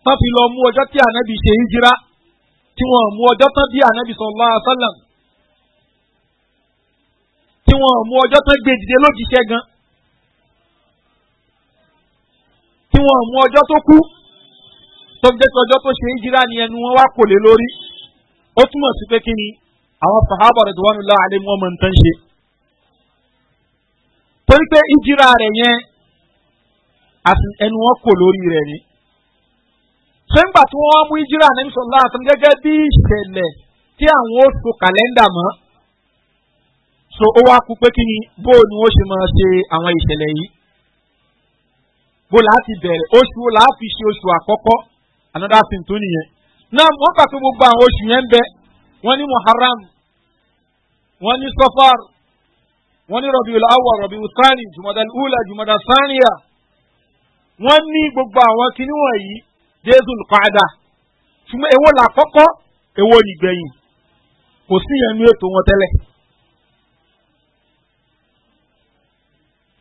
tán fi lọ mú ọjọ́ tí ànábì ṣe ń jira tí wọn mú ọjọ́ tán bí ànábì sọ̀rọ̀ lọ́wọ́ sálàmù tí wọn ò mú ọjọ́ tán gbé dìde lójíṣẹ́ gan tí wọn mú ọjọ́ tó kú tó fi jẹ́ ọjọ́ tó ṣe ń jira ni ẹnu wọn wá kò lé lórí ó túmọ̀ sí pé kí ni àwọn sàhábà rẹ̀ tó wà nílò àlẹ́ wọn mọ̀ ń tán ṣe. torí pé ìjira rẹ̀ yẹn àti ẹnu wọn kò lórí rẹ̀ ni. sẹ́ńgbà tí wọ́n mú ìjira ànábì sọ̀rọ̀ láàtọ̀ gẹ́gẹ́ bí ìṣẹ̀lẹ̀ tí àwọn oṣù kàlẹ́ndà mọ́ so ó wá kú pé kí ni bó ni wọ́n ṣe máa ṣe àwọn ìṣẹ̀lẹ̀ yìí bó láti bẹ̀rẹ̀ oṣù wo là á fi ṣe oṣù àkọ́kọ́ another thing tó nìyẹn náà wọ́n kà pé gbogbo àwọn oṣù yẹn ń bẹ wọ́n ní muharram wọ́n ní safar wọ́n ní rọ̀bì ọ̀làwọ̀ rọ̀bì ọ̀tánì jùmọ̀dà ula jùmọ̀dà saniya wọ́n ní gbogbo àwọn kinní wọ̀nyí jésù lùkọ́dà ṣùgbọ́n èwo là kọ́kọ́ èwo nìgbẹ̀yìn kò sí yẹn ní ètò wọn tẹ́lẹ̀.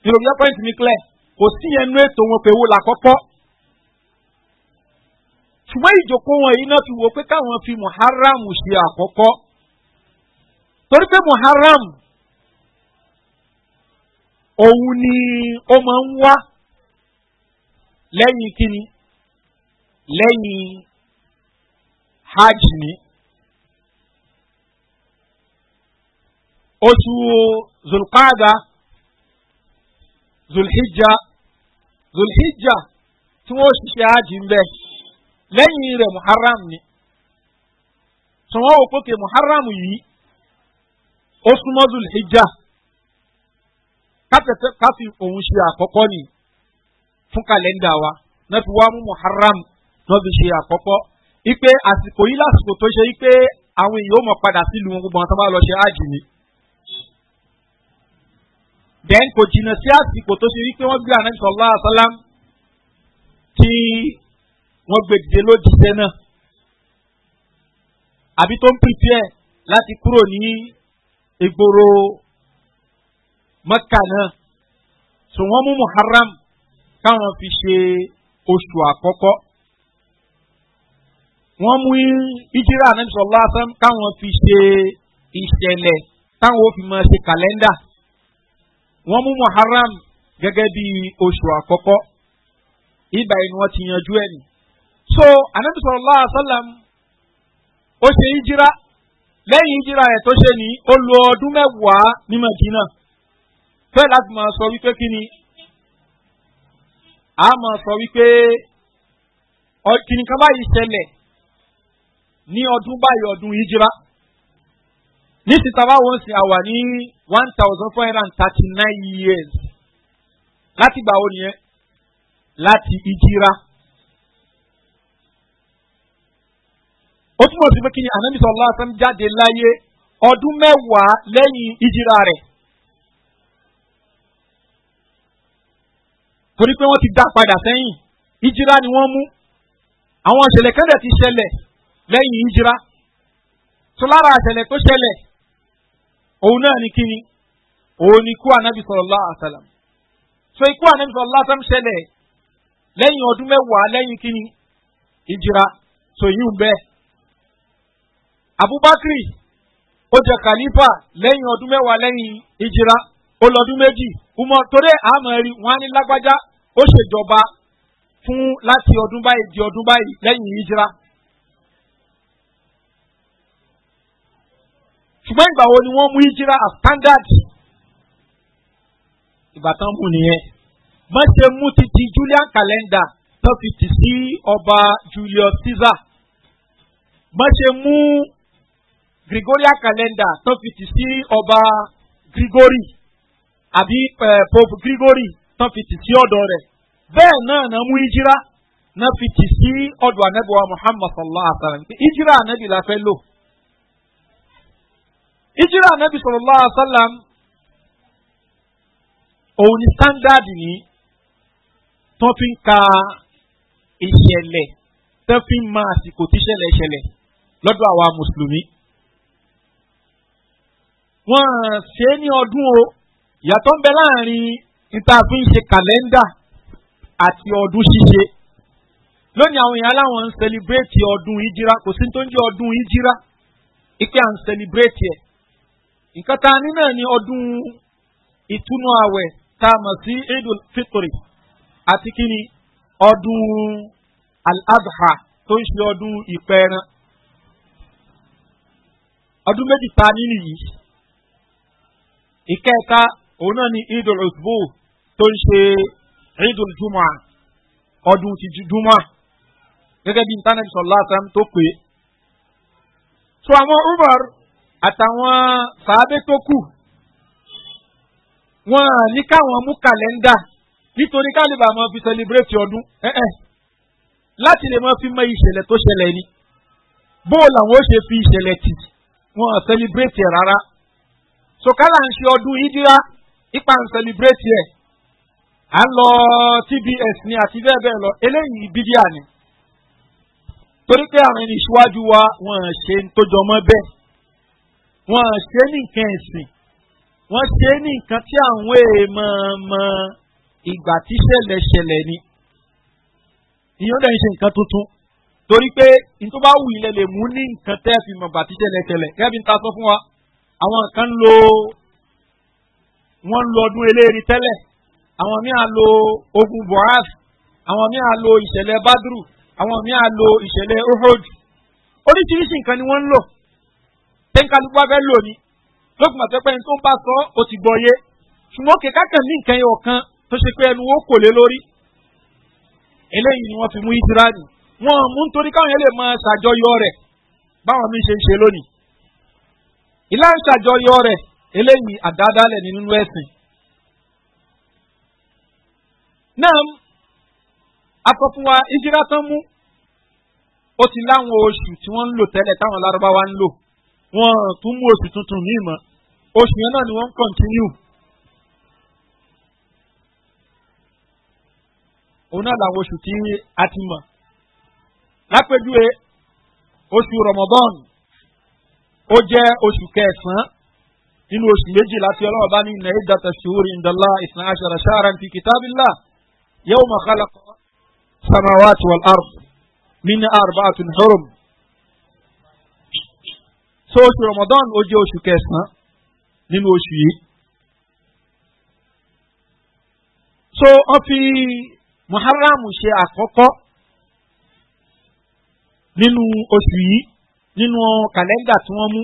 yorùbá point mi clear kò sí ẹnu ètò wọn pé owó la kọ́kọ́ ṣùgbọ́n ìjòkó wọn yìí náà fi wò pé káwọn fi muharram ṣe àkọ́kọ́ torí pé muharram òun ni ó máa ń wá lẹ́yìn kíni lẹ́yìn hajj ni oṣù zulqaada zulhijja zulhijja tí wọ́n ṣiṣẹ́ ájì ń bẹ lẹ́yìn rẹ̀ muharram ni sọ̀wọ́n wò pókè muharram yìí ó súnmọ́ zulhijja káfí òun ṣe àkọ́kọ́ ni fún kàlẹ́ndà wa náà fi wá mú muharram náà fi ṣe àkọ́kọ́ ipe àsìkò yìí lásìkò tó ṣe ipe àwọn èèyàn ó mọ̀ padà sílùú wọn tó bá lọ ṣe ájì ni then kò jìnnà sí àsìkò tó ṣe wípé wọ́n gbé ànábì sọ̀lá àsálám tí wọ́n gbé dìde lójijẹ́ náà àbí tó ń pìpìẹ́ láti kúrò ní ìgboro mọ́kà náà so wọ́n mú muharram káwọn fi ṣe oṣù àkọ́kọ́ wọ́n mú ìjírà ànábì sọ̀lá àsálám káwọn fi ṣe ìṣẹ̀lẹ̀ táwọn ò fi máa ṣe kàlẹ́ndà wọ́n mú muharram gẹ́gẹ́ bí oṣù àkọ́kọ́ ibà ni wọ́n ti yanjú ẹ̀ so anabi sọlọ́lá àṣàlám ó ṣe ìjìra lẹ́yìn ìjìra ẹ̀ tó ṣe ní ó lo ọdún mẹ́wàá ní madina fẹ́ láti máa sọ wípé kí ni a máa sọ wípé kìnìkan báyìí ṣẹlẹ̀ ní ọdún báyìí ọdún ìjìra nísìsiyìí tá a bá wọ́n sìn àwà ní one thousand four hundred and thirty nine years láti gbà wo nìyẹn láti ìjìra. ó túmọ̀ sí pé kí ni ànábì sọ̀rọ̀ lásán jáde láyé ọdún mẹ́wàá lẹ́yìn ìjìra rẹ̀. torí pé wọ́n ti dá padà sẹ́yìn ìjìra ni wọ́n mú àwọn ìṣẹ̀lẹ̀ kan ti ṣẹlẹ̀ lẹ́yìn ìjìra. tó lára ìṣẹ̀lẹ̀ tó ṣẹlẹ̀ òun náà ni kíni òun ni kú anabi sallallahu alaihi wasallam so ikú anabi sallallahu alaihi wasallam ṣẹlẹ̀ lẹ́yìn ọdún mẹ́wàá lẹ́yìn kíni ìjìra so yìí ń bẹ abubakar ó jẹ khalifa lẹ́yìn ọdún mẹ́wàá lẹ́yìn ìjìra ó lọ́dún méjì umar torí àmọ́ rí wọn á ní lágbájá ó ṣèjọba fún láti ọdún báyìí di ọdún báyìí lẹ́yìn ìjìra ṣùgbọ́n ìgbà wo ni wọ́n mú ìjírà as standard ìgbà tán mú nìyẹn wọ́n ṣe mú títí julian calendar tó fi tì sí ọba julius caesar wọ́n ṣe mú gregorian calendar tó fi tì sí ọba gregory àbí eh, pope Grigori tó fi tì sí ọ̀dọ̀ rẹ̀ bẹ́ẹ̀ náà náà mú ìjírà náà fi tì sí ọ̀dọ̀ anabiwa muhammad sallallahu alaihi wa sallam ìjírà anabi la fẹ́ lò ìjírà anabi sallallahu alaihi wasallam òun ni sándàdì ní tó fi ń ka ìṣẹ̀lẹ̀ tó fi ń ma àsìkò tí ìṣẹ̀lẹ̀ ìṣẹ̀lẹ̀ lọ́dọ̀ àwa mùsùlùmí. wọ́n ṣe é ní ọdún o ìyàtọ̀ ń bẹ láàrin níta fi ń ṣe kàlẹ́ndà àti ọdún ṣíṣe lónìí àwọn èèyàn aláwọn ń sẹlibrétì ọdún ìjírà kò sí tó ń jẹ́ ọdún ìjírà ike à ń sẹlibrétì ẹ̀ nǹkan tá ní náà ni ọdún ìtúnú àwẹ̀ tá a mọ̀ sí eidul fitri àti kíni ọdún al-adha tó ń ṣe ọdún ìpẹ́ẹ́rán ọdún méjì tá a ní ìkẹta òun náà ni eidul usbu tó ń ṣe idul juma ọdún ti juma gẹ́gẹ́ bí ntánẹ́tì sọ̀lá sàm tó pé. so àwọn umar àtàwọn sàábé tó kù wọn ní káwọn mú kàlẹ́ńdà nítorí kálíbà máa fi sẹlẹbírẹ́tì ọdún ẹ̀ẹ́ láti lè máa fi mọ ìṣẹ̀lẹ̀ tó ṣẹlẹ̀ ni bó làwọn ó ṣe fi ìṣẹ̀lẹ̀ tì wọn sẹlẹbírẹ́tì ẹ̀ rárá sọkálà ń ṣe ọdún ìdíra ipa ń sẹlẹbírẹ́tì ẹ̀ à ń lọ tbs ni àti bẹ́ẹ̀ bẹ́ẹ̀ lọ eléyìí bídíà ni torí pé àwọn ẹni ìṣíwájú wa wọn ṣe ń tó jọmọ́ bẹ́ẹ̀ wọn ṣe ní nǹkan ẹ̀sìn wọn ṣe ní nǹkan tí àwọn èèmọ̀ mọ ìgbà tí ṣẹlẹ̀ ṣẹlẹ̀ ni ìyọ́n dẹ̀ ń ṣe nǹkan tuntun torí pé nítorí bá wù ilẹ̀ lè mú ní nǹkan tẹ́ fi mọ̀ gbà ṣẹlẹ̀ ṣẹlẹ̀ kẹ́bi ń ta sọ fún wa àwọn kan ń lo wọ́n ń lo ọdún eléyìí tẹ́lẹ̀ àwọn míì á lo ogun buhari àwọn míì á lo ìṣẹ̀lẹ̀ badru àwọn míì á lo ìṣẹ̀lẹ̀ ohod oríṣiríṣi nǹkan ni wọ́n ń lò tẹ́ńkálukú wá fẹ́ lò ní lókùnmọ̀ tó pẹ́ ní tó ń bá sọ ó ti gbọ́ yé ṣùgbọ́n kéka kan ní nǹkan yẹn ọ̀kan tó ṣe pé ẹnu ó kò lé lórí eléyìí ni wọ́n fi mú ìsirani wọn mú nítorí káwọn yẹn lè máa ṣàjọyọ̀ rẹ̀ báwọn mi ṣe ń ṣe lónìí ìlà ń ṣàjọyọ̀ rẹ̀ eléyìí àdádálẹ̀ nínú ẹ̀sìn náà atọ́ fún wa ìsirá tán mú ó ti láwọn oṣù tí wọ́n ń lò tẹ́lẹ̀ táwọn lárúbáwá ń lò wọn tún mú oṣù tuntun míì mọ́ oṣù yẹn náà ni wọ́n ń kọ́ntínú. òun náà làwọn oṣù tí a ti mọ̀ lápẹjúwe oṣù rọmọbọ́n ó jẹ́ oṣù kẹsàn-án nínú oṣù méjìlá tí ọlọ́wọ́ bá ní ìnáyé dàtà ṣòwòrì ìdàlá ìsìn àṣàrà ṣáàrà ti kìtàbílà yẹ́wò mọ̀kálà sàmáwá tiwọ̀l àrùn mí ní àrùbá àtúnṣọ́rọ̀mù so oṣù ramadan ó jẹ́ oṣù kẹsàn nínú oṣù yìí. so wọ́n fi muharram ṣe àkọ́kọ́ nínú oṣù yìí nínú kàlẹ́ndà tí wọ́n mú.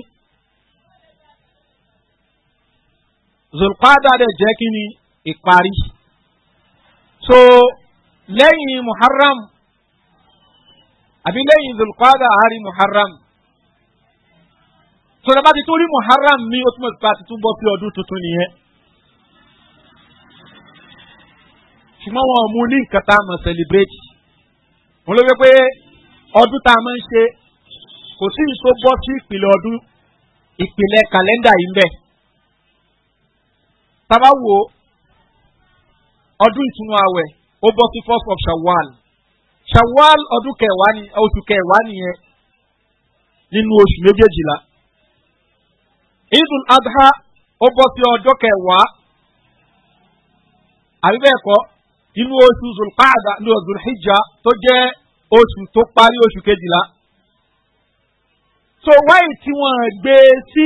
zulqada dẹ̀ jẹ́ kí ni ìparí. so lẹ́yìn muharram àbí lẹ́yìn zulqada àárín muharram sọ̀rọ̀ bá ti tó rí muharram mi ó túmọ̀ sí pé a ti tún bọ́ sí ọdún tuntun nìyẹn. ṣùgbọ́n wọn ò mú ní nǹkan tá a mọ̀ celebrate. mo ló wí pé ọdún tá a máa ń ṣe kò sí ìṣó bọ́ sí ìpìlẹ̀ ọdún ìpìlẹ̀ kàlẹ́ndà yìí ń tábà wo ọdún ìtúnú àwẹ̀ ó bọ́ sí first of shawwal shawwal ọdún kẹwàá ni oṣù kẹwàá nìyẹn nínú oṣù méjèèjìlá idul adha ó bọ́ sí ọjọ́ kẹwàá àbí bẹ́ẹ̀ kọ́ inú oṣù zulqaada ní oṣù hijja tó jẹ́ oṣù tó parí oṣù kejìlá. so wáyé tí wọ́n gbé sí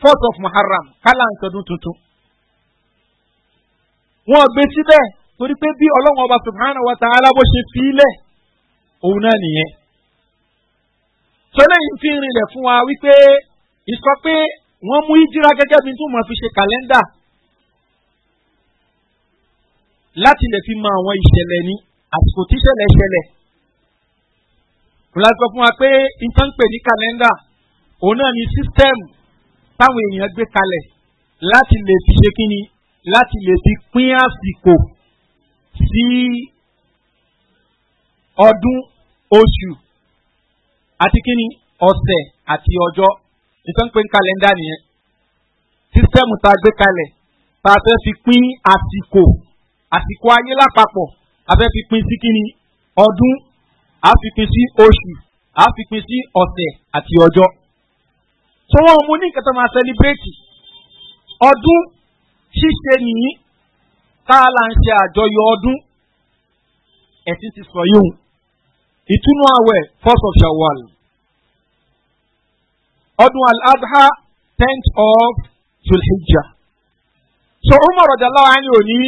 first of muharram kálá nkàdún tuntun. wọ́n gbé síbẹ̀ torí pé bí ọlọ́run ọba subhanahu wa ta'ala bó ṣe fi ilẹ̀ òun náà nìyẹn. sọlẹ́yìn fi rinlẹ̀ fún wa wípé ìsọ pé wọ́n mú ìdíra gẹ́gẹ́ bí tó mọ̀ fi ṣe kàlẹ́ndà láti lè fi mọ àwọn ìṣẹ̀lẹ̀ ní àsìkò tí ìṣẹ̀lẹ̀ ṣẹlẹ̀. Kùlá fún wa pé nǹkan ń pè ní kàlẹ́ndà òun náà ni sísítẹ́ẹ̀mù táwọn èèyàn gbé kalẹ̀ láti lè fi ṣe kíni láti lè fi pín àsìkò sí ọdún oṣù àti kíni ọ̀sẹ̀ àti ọjọ́ nǹkan pé ń kàlẹ́ndà nìyẹn sísẹ́mù tá a gbé kalẹ̀ tá a fẹ́ fi pín àsìkò àsìkò ayé lápapọ̀ a fẹ́ fi pín sí kíni ọdún a fi pín sí oṣù a fi pín sí ọ̀sẹ̀ àti ọjọ́ tí wọ́n mú ní kẹta máa sẹlibrétì ọdún ṣíṣe nìyí tá a là ń ṣe àjọyọ̀ ọdún ẹ̀sìn ti sọ yóò ìtúnú àwẹ̀ first of shawwal ọdún al-adha tenth of zulhijja. so umar ọ̀dàláwa ni òní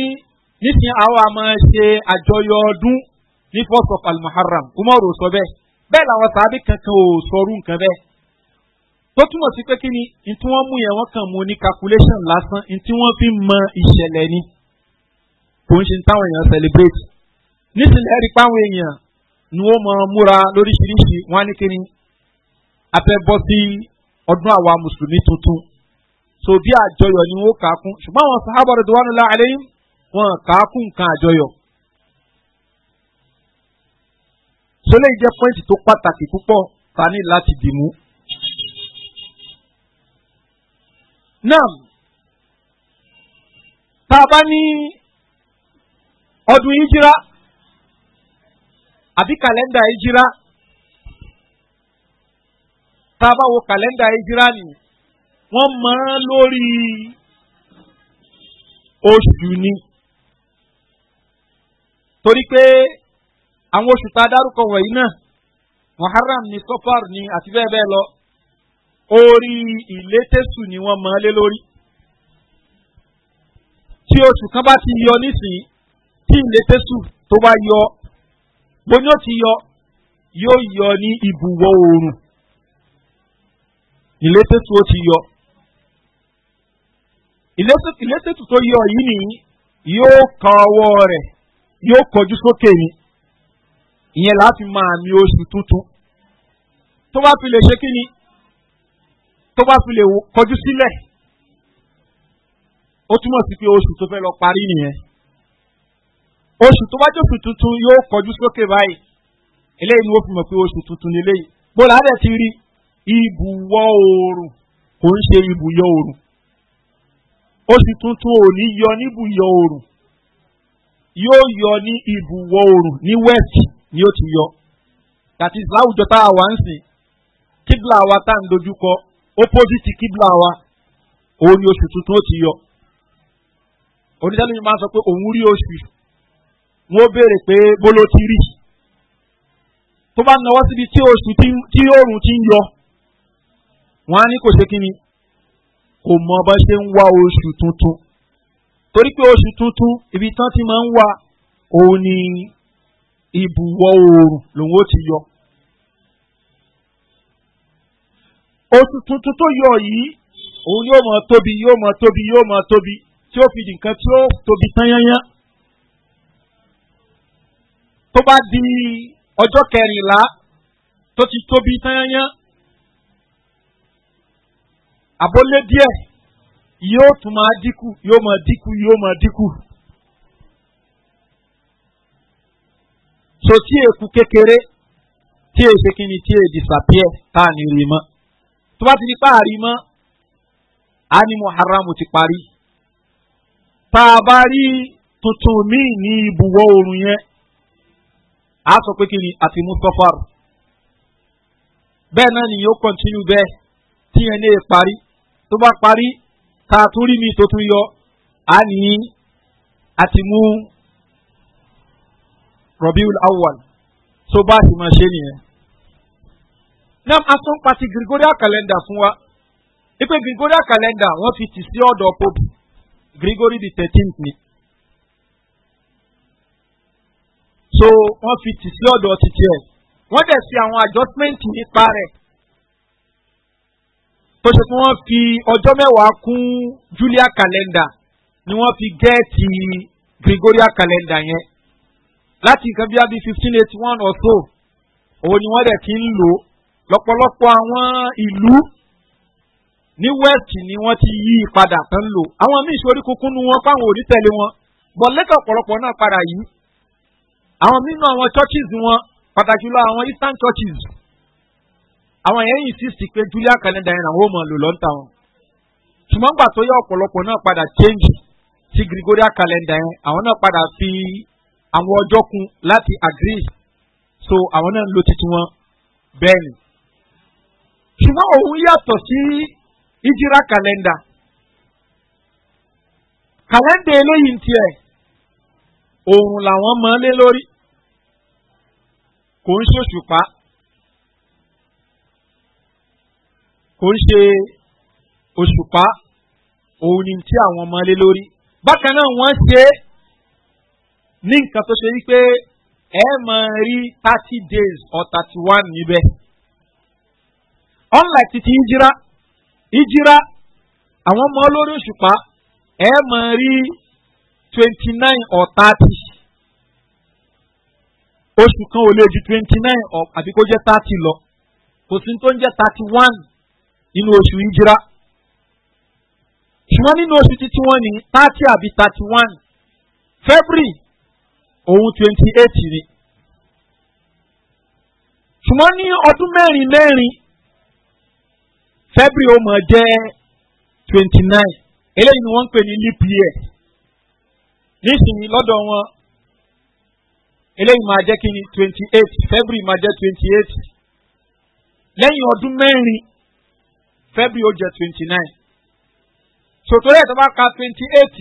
nísìnyí àwọn àmọ́ ṣe àjọyọ̀ ọdún ní first of al-muharram umar ò sọ bẹ́ẹ̀ bẹ́ẹ̀ làwọn sàbí kankan ò sọrú nǹkan bẹ́ẹ̀ tó túmọ̀ sí pé kí ni ntí wọ́n mú yẹn wọ́n kàn mú ní calculation lásán ntí wọ́n fi mọ ìṣẹ̀lẹ̀ ni kò ń ṣe táwọn èèyàn celebrate nísìnyí ẹ̀rí páwọn èèyàn ni wọ́n mọ múra lóríṣiríṣi wọ́n á ní kí ni a bọ́ sí ọdún àwa mùsùlùmí tuntun so bí àjọyọ̀ ni wọ́n kà á kún ṣùgbọ́n àwọn sàhábà rẹ̀ dùwánu láàlẹ́ yìí wọ́n kà á kún nǹkan àjọyọ̀. so lè jẹ́ pọ́ìntì tó pàtàkì púpọ̀ ta láti dìmú. náà tá a bá ní ọdún yíjíra àbí kàlẹ́ndà yíjíra tá a bá wo kàlẹ́ndà ìjíránì wọ́n mọ̀ ọ́n lórí oṣù ni torí pé àwọn oṣù tá a dárúkọ wọ̀nyí náà muharram ni sofar ni àti bẹ́ẹ̀ bẹ́ẹ̀ lọ orí ìlétésù ni wọ́n mọ̀ ọ́n lé lórí tí oṣù kan bá ti yọ nísìnyí tí ìlétésù tó bá yọ bóyá ó ti yọ yóò yọ ní ibùwọ̀ oòrùn ìlétẹ́tù ó ti yọ ìlétẹ́tù tó yọ yìí nìyí yóò kan ọwọ́ rẹ̀ yóò kọjú sókè ni ìyẹn láti máa mi oṣù tuntun tó bá fi lè ṣe kí ni tó bá fi lè kọjú sílẹ̀ ó túmọ̀ sí pé oṣù tó fẹ́ lọ parí nìyẹn oṣù tó bá jòṣù tuntun yóò kọjú sókè báyìí eléyìí ni wọ́n fi mọ̀ pé oṣù tuntun ni eléyìí bó làádẹ́ rí i. ibùwọ̀ oòrùn kò ń ṣe ibùyọ oòrùn ó sì tuntun ò ní yọ níbùyọ oòrùn yóò yọ ní ibùwọ̀ oòrùn ní west ni ó ti yọ àti láwùjọ tá a wà ń sìn kíbla wa tá à ń dojúkọ opposite kíbla wa òun ni oṣù tuntun ó ti yọ onídàájú máa sọ pé òun rí oṣù wọn ó béèrè ti rí tó bá náwó síbi tí oṣù tí oòrùn ti ń yọ. wọ́n á ní kò ṣe kí ni kò mọ bá ṣe ń wá oṣù tuntun torí pé oṣù tuntun ibi tán ti máa ń wá òun ni ibùwọ̀ oòrùn lòun ó ti yọ. oṣù tuntun tó yọ yìí òun yóò mọ tóbi yóò mọ tóbi yóò mọ tóbi tí ó fi di nǹkan tí ó tóbi tányányán. tó bá di ọjọ́ kẹrìnlá tó ti tóbi tányányán àbólé díẹ̀ yóò tún máa dínkù yóò máa dínkù yóò máa dínkù. so tí èkú kékeré tí èsè kí ni tí è disappear tá a ní rí mọ́ tó bá ti di pa àrí mọ́ á ní muharram ti parí tá a bá rí tuntun míì ní ibùwọ̀ oòrùn yẹn á sọ pé kí ni àti mustapha bẹ́ẹ̀ náà nìyẹn ó kọ́ntínú bẹ́ẹ̀ tí yẹn lè parí tó bá parí ta tó rí mi tó tún yọ á ní àti mú rọ̀bíul awwal tó bá ti máa ṣe nìyẹn. nam asan pati gregorian calendar fún wa ipe gregorian calendar wọ́n fi tì sí ọ̀dọ̀ pope gregory the thirteenth ni. so wọ́n fi tì sí ọ̀dọ̀ títí ẹ̀ wọ́n dẹ̀ ṣe àwọn adjustment nípa rẹ̀ tó ṣe pé wọ́n fi ọjọ́ mẹ́wàá kún julia calendar ni wọ́n fi gẹ́ẹ̀tì gregorian calendar yẹn láti nǹkan bíi abi fifteen eighty one or so òun ni wọ́n dẹ̀ ti ń lò lọ́pọ̀lọpọ̀ àwọn ìlú ní west ni wọ́n ti yí padà tán lò àwọn míì sori kunkun nu wọn fáwọn onítẹ̀lé wọn bọ̀lẹ́tọ̀ ọ̀pọ̀lọpọ̀ náà padà yìí àwọn míì àwọn churches wọn pàtàkì lọ àwọn eastern churches àwọn yẹn insist pé julia calendar yẹn àwọn ò mọ̀ lò lọ́ntà wọn ṣùgbọ́n gbà tó yẹ ọ̀pọ̀lọpọ̀ náà padà change sí gregorian calendar yẹn àwọn náà padà fi àwọn ọjọ́ kun láti agree so àwọn náà ń lo titi wọn bẹ́ẹ̀ ni ṣùgbọ́n òun yàtọ̀ sí ìjìrá kàlẹ́ndà kàlẹ́ndà eléyìí tiẹ̀ òun làwọn mọ̀ lé lórí kò ń ṣòṣùpá kò ń ṣe òṣùpá òun ni tí àwọn ọmọ lé lórí bákan náà wọ́n ṣe ní nǹkan tó ṣe wípé ẹ máa rí thirty days or thirty one níbẹ̀ unlike titi ìjira ìjira àwọn ọmọ olórí òṣùpá ẹ máa rí twenty nine or thirty oṣù kan ò lè ju twenty nine àbí kó jẹ́ thirty lọ kò sí tó ń jẹ́ thirty one nínú oṣù ìjírá ṣùgbọ́n nínú oṣù títí wọ́n ní thirty àbí thirty one february òun twenty eight ni ṣùgbọ́n ní ọdún mẹ́rin mẹ́rin february ó jẹ́ twenty nine eléyìí ni wọ́n ń pè ní leap year nísìnyí lọ́dọ̀ wọn eléyìí máa jẹ́ kí ni twenty eight february máa jẹ́ twenty eight lẹ́yìn ọdún mẹ́rin february ó jẹ twenty nine sòtò rẹ̀ tó bá ka twenty eight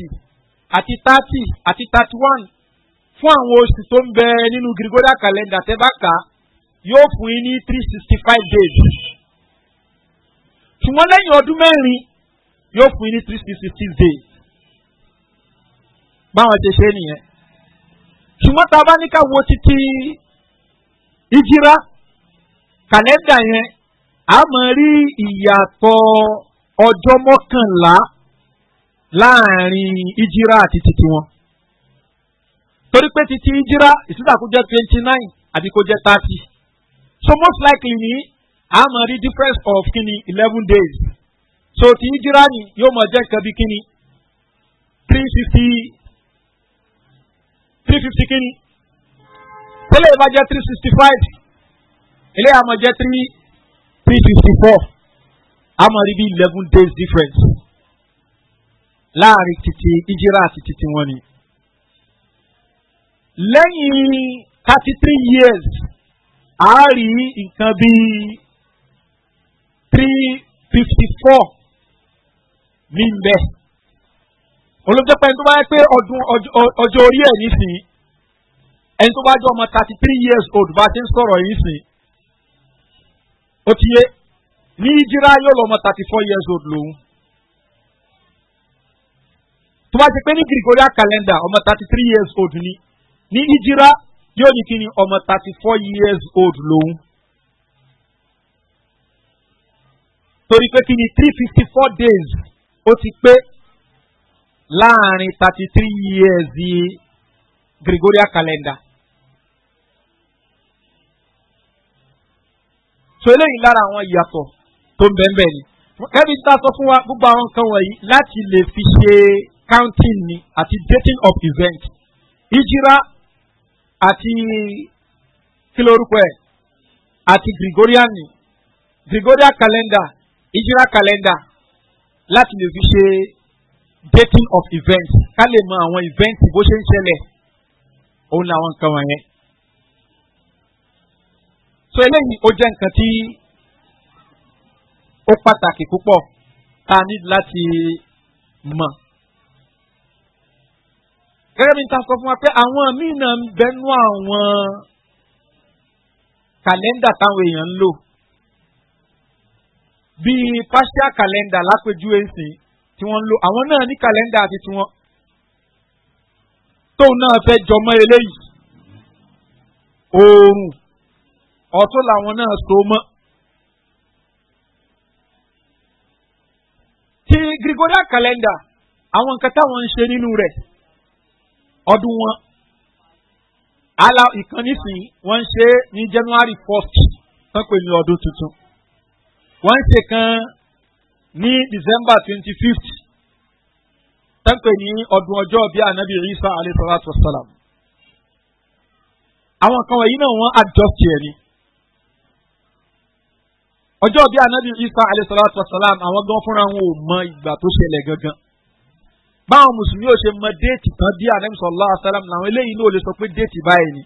àti thirty àti thirty one fún àwọn oṣù tó ń bẹ nínú gregorian calendar tẹ́ bá kà yóò fún yín ní three sixty five days ṣùgbọ́n lẹ́yìn ọdún mẹ́rin yóò fún yín ní three sixty six days báwọn ṣe ṣe nìyẹn ṣùgbọ́n tá a bá ní ká wo títí ìjìra kàlẹ́ndà yẹn a máa rí ìyàtọ̀ ọjọ́ mọ́kànlá láàrin ìjírá àti titi wọn torí pé titi ìjírá ìsúdà kó jẹ́ twenty nine àbí kó jẹ́ thirty so most likely ni a máa rí difference of kini eleven days so ti ìjírá ni yóò máa jẹ́ nǹkan kini three fifty three fifty kini tẹ́lẹ̀ ìbá jẹ́ three sixty five ilé àmọ́ jẹ́ three three fifty four a máa rí eleven days difference láàrin títí ìjírà àti títí wọn ni. lẹ́yìn thirty three years a rí nǹkan bíi three fifty four ní mbẹ́ olùdókòwò ẹni tó bá yẹ pé ọdún ọjọ́ orí ẹ̀ nísìnyí ẹni tó bá jọ ọmọ thirty three years old bá ti ń sọ̀rọ̀ yìí sìn ó ti yé ní ìjírá yóò lọ ọmọ thirty four years old lòun tó bá ti pé ní gregorian calendar ọmọ thirty three years old ni ní ìjírá yóò ní kíni ọmọ thirty four years old lòun torí pé kíni three fifty four days ó ti pé láàrin thirty three years yìí gregorian calendar. so eléyìí lára àwọn ìyàtọ̀ tó ń bẹ́ẹ̀ bẹ́ẹ̀ ni kẹ́bi tá a sọ fún wa gbogbo àwọn nǹkan wọ̀nyí láti lè fi ṣe counting ni àti dating of event ìjìra àti kílórúkọ ẹ̀ àti gregorian ni gregorian calendar ìjìra calendar láti lè fi ṣe dating of events ká lè mọ àwọn events bó ṣe ń ṣẹlẹ̀ òun làwọn nǹkan wọ̀nyẹn so eléyìí ó jẹ́ nǹkan tí ó pàtàkì púpọ̀ tá a ní láti mọ̀. gẹ́gẹ́ bí n ta sọ fún wa pé àwọn míì náà ń bẹnu àwọn kàlẹ́ndà táwọn èèyàn ń lò bíi partial calendar lápèjúwe sí tí wọ́n ń lò àwọn náà ní kàlẹ́ndà àti tiwọn tóun náà fẹ́ jọmọ́ eléyìí oorun ọ̀tún làwọn náà so mọ́. ti gregorian calendar àwọn nǹkan táwọn ń ṣe nínú rẹ̀ ọdún wọn ala ìkan nísìnyí wọ́n ń ṣe ní january first tán pè ní ọdún tuntun wọ́n ń ṣe kan ní december twenty fifth tán pè ní ọdún ọjọ́ bíi anabi isa alayhi salatu wa salam àwọn kan wọ̀nyí náà wọ́n adjust yẹn ni ọjọ́ bíi anabi isa alayisalaatu wasalaam àwọn gan fúnra wọn ò mọ ìgbà tó ṣẹlẹ̀ gangan báwọn mùsùlùmí ò ṣe mọ déètì kan bíi anabi sọlá asalam làwọn eléyìí náà lè sọ pé déètì báyìí ni